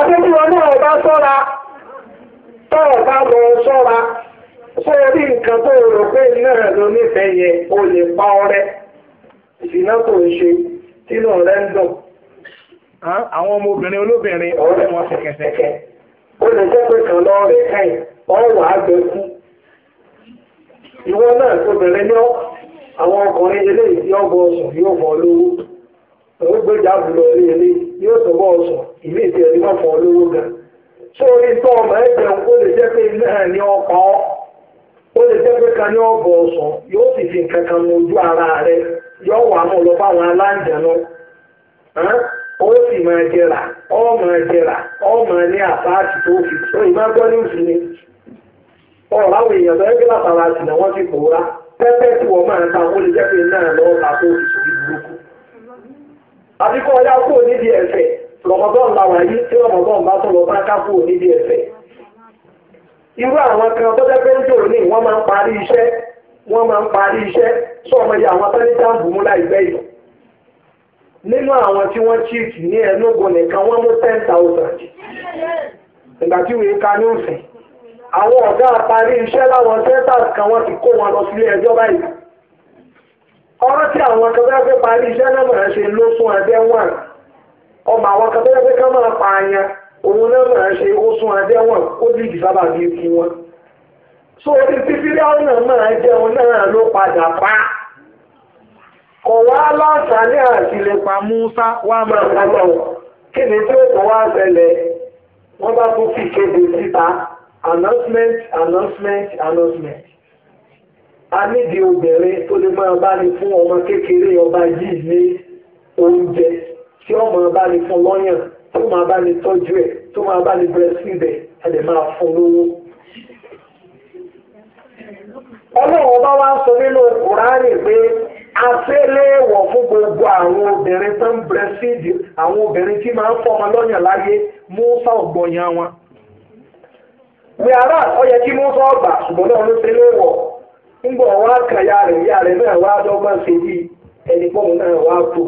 Adébíwọ̀n náà ọba sọ́ra, tọ́ọ̀ bá lọ sọ́ra, ṣé rí nǹkan tó rò pé náà ló nífẹ̀ẹ́ yẹ o lè pa ọrẹ́, ìsìná tó ń ṣe tínú rẹ̀ ń dùn. Àwọn ọmọbìnrin olóbìnrin ọ̀rẹ́ wọn ṣẹ̀kẹ̀ṣẹ̀kẹ̀. Ó lè jẹ́ pé kàn lọ rí kẹ́yìn, ọ̀wà àgbẹ̀kú. Ìwọ náà tóbìnrin ní àwọn ọkùnrin eléyìí tí ọgbọ̀n ọ̀sùn yóò bọ̀ lówó. òun gbèjà àbúrò ilé ilé yóò o bọ́ ọsọ ìlú ìdí eri fọ olówó ga sórí tó ọmọ ẹgbẹ́ ó lè jẹ́ pé iná ẹ̀ ní ọkọ̀ ó lè jẹ́ pé ara arị ni ọ̀rọ̀ àwọn èèyàn tó ẹgbẹ́ na ti pòórá pẹ́pẹ́ tí wọ́n máa ta ó lè jẹ́ àti kọ́ ọ̀yá kúrò nídìí ẹ̀fẹ̀ lọ́mọdọ́n làwọn yìí tí lọ́mọdọ́n bá tó lọ bá ká kúrò nídìí ẹ̀fẹ̀. irú àwọn kan tó jẹ́ pé ń jòrò ní wọ́n máa ń parí iṣẹ́ wọ́n máa ń parí iṣẹ́ sọ́ọ̀mọdé àwọn tẹ́lẹ̀ jáàbù mú láìpẹ́ yìí. nínú àwọn tí wọ́n chief ní Enugu nìkan wọ́n mú ten thousand ìgbà tí wọ́n ká ní òfin àwọn ọ̀gá parí iṣẹ́ láwọn centers kan wọ́n ti kó wọn lọ sílé ẹjọ́ báyìí ọ̀rọ̀ tí àwọn akẹ́kọ̀ọ́ parí iṣẹ́ náà máa ṣe ló sún adé wọn ọmọ àwọn akẹ́kọ̀ọ́ ká máa pa àyàn òun náà máa ṣe ó sún adé wọn ó dì jù sábà bí wọn. so orí títí láwọn náà máa jẹun náà ló padà pa kọ̀ wá láǹfààní àtìlẹ́pà Musa wá máa pa lọ́wọ́ kí ni tí ó kọ̀ wá ṣẹlẹ̀ wọ́n bá tún fi kéde síta announcement announcement announcement a nídìí obìnrin tó lè máa bá ní fún ọmọ kékeré ọba yìí ní oúnjẹ tí ó máa bá ní fún lọ́yàn tó máa bá ní tọ́jú ẹ̀ tó máa bá ní breastfeed ẹ̀ ẹ̀ lè máa fún lówó. ọlọ́run bá wá sọ nínú kùránì pé afẹ́léèwọ̀ fún gbogbo àwọn obìnrin tó ń breastfeed àwọn obìnrin tí máa ń fọmọ lọ́yàn láyé mú sọ̀gbọ̀nyàn wọn. wíárà ó yẹ kí mú sọ̀gbà ṣùgbọ́n náà ló ṣe léèwọ̀. nígbà ọwa kàyà rẹ̀ ìyá rẹ̀ náà wá ṣe bí ẹni pọ́ọ̀mù na wá tó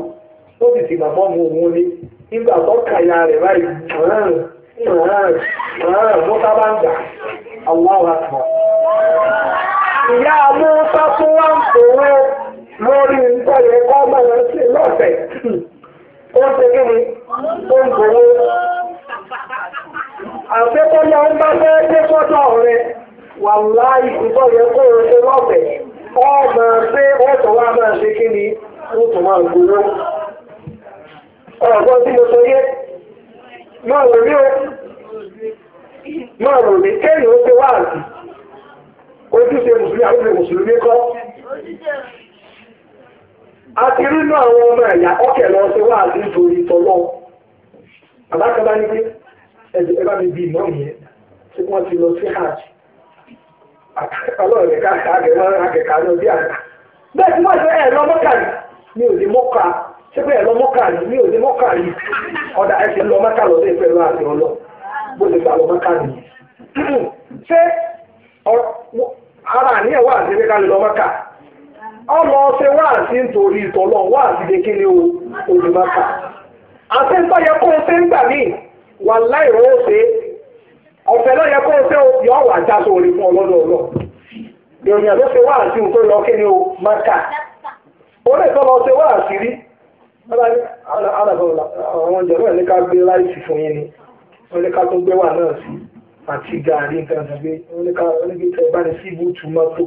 ó sì mọ màmọ́ mu òun ni nígbà tó kàyà rẹ̀ báyìí mọ́tà bá ń ìyá amúta tún wá lórí nǹkan yẹn kọ́ mọ̀ ó ṣe kí wàlá ìpìtọ́ yẹ kó o ṣe lọ́fẹ̀ẹ́ ọmọ pé wọ́n tó wá máa ṣe kí ni wọ́n tó máa gbowó. ọ̀gbọ́n tí mo sọ yé máa wò ní o máa wò ní kéèyàn ó ṣe wá àdì ojúṣe mùsùlùmí àwọn mùsùlùmí kọ́. a ti rí inú àwọn ọmọ ẹ̀yà ọkẹ̀ lọ ṣe wá àdì nítorí tọ́lọ́ àbákan bá ní pé ẹ bá mi bí ìmọ̀ yẹn tí wọ́n ti lọ sí hajj. ọlọ́run ní káàkiri àgbẹ̀ wọn àgbẹ̀ká ní ojú àgbà bẹ́ẹ̀ tí wọ́n ṣe ẹ̀ lọ́mọ́kàrí mi ò ní ṣé pé ẹ̀ mi ò ní ọ̀dà àti ọlọ́ bó ṣe gbà ṣé ara àníyàn wà sí lè ọmọ ṣe wà sí nítorí ìtọ́lọ́ wà sí àti kó o ṣe ń gbà wà láì rọ́ọ̀ṣe ọ̀fẹ́ ló yẹ kó o fẹ́ òbí ọ̀wà já sóore fún ọlọ́dọ̀ ọlọ́ èèyàn ló ṣe wáhà sí tó lọ kéde o maka ó lè tọ́ lọ ṣe wáhà sí rí àwọn ìjọba ní ká gbé láìsí fún yín ni wọ́n ní ká tó gbé wà náà sí àti gàrí nǹkan gbé wọ́n ní wọ́n ní tẹ bá ní sí búùtù mọ́tò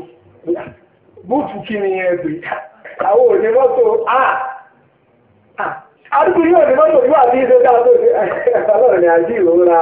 búùtù kí ni yẹn gbé àwọn òní mọ́tò a àdúgbò yóò ní mọ́tò yóò àti ìṣe dáa tó ṣe àjí ìrora.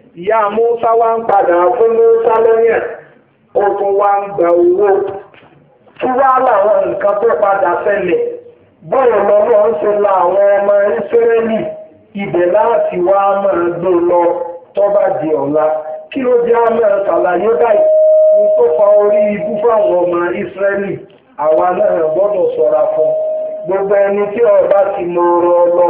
ìyá Mùsá wá ń padà fún Mùsá lọ́yàn ó tún wá ń gba owó tí wá làwọn nǹkan tó padà ṣẹlẹ̀ bọ́ọ̀lù lọ́wọ́ ń ṣe la àwọn ọmọ Ísírẹ́lì ibẹ̀ láti wá máa gbé e lọ tó di ọ̀la kí ló jẹ́ àmọ́ ṣàlàyé báyìí ohun tó fa orí ibú fáwọn ọmọ Ísírẹ́lì àwa náà gbọ́dọ̀ sọ̀ra fún gbogbo ẹni tí ọba ti mọ ọ̀rọ̀ lọ.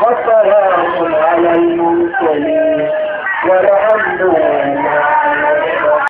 وسلام على المرسلين والحمد لله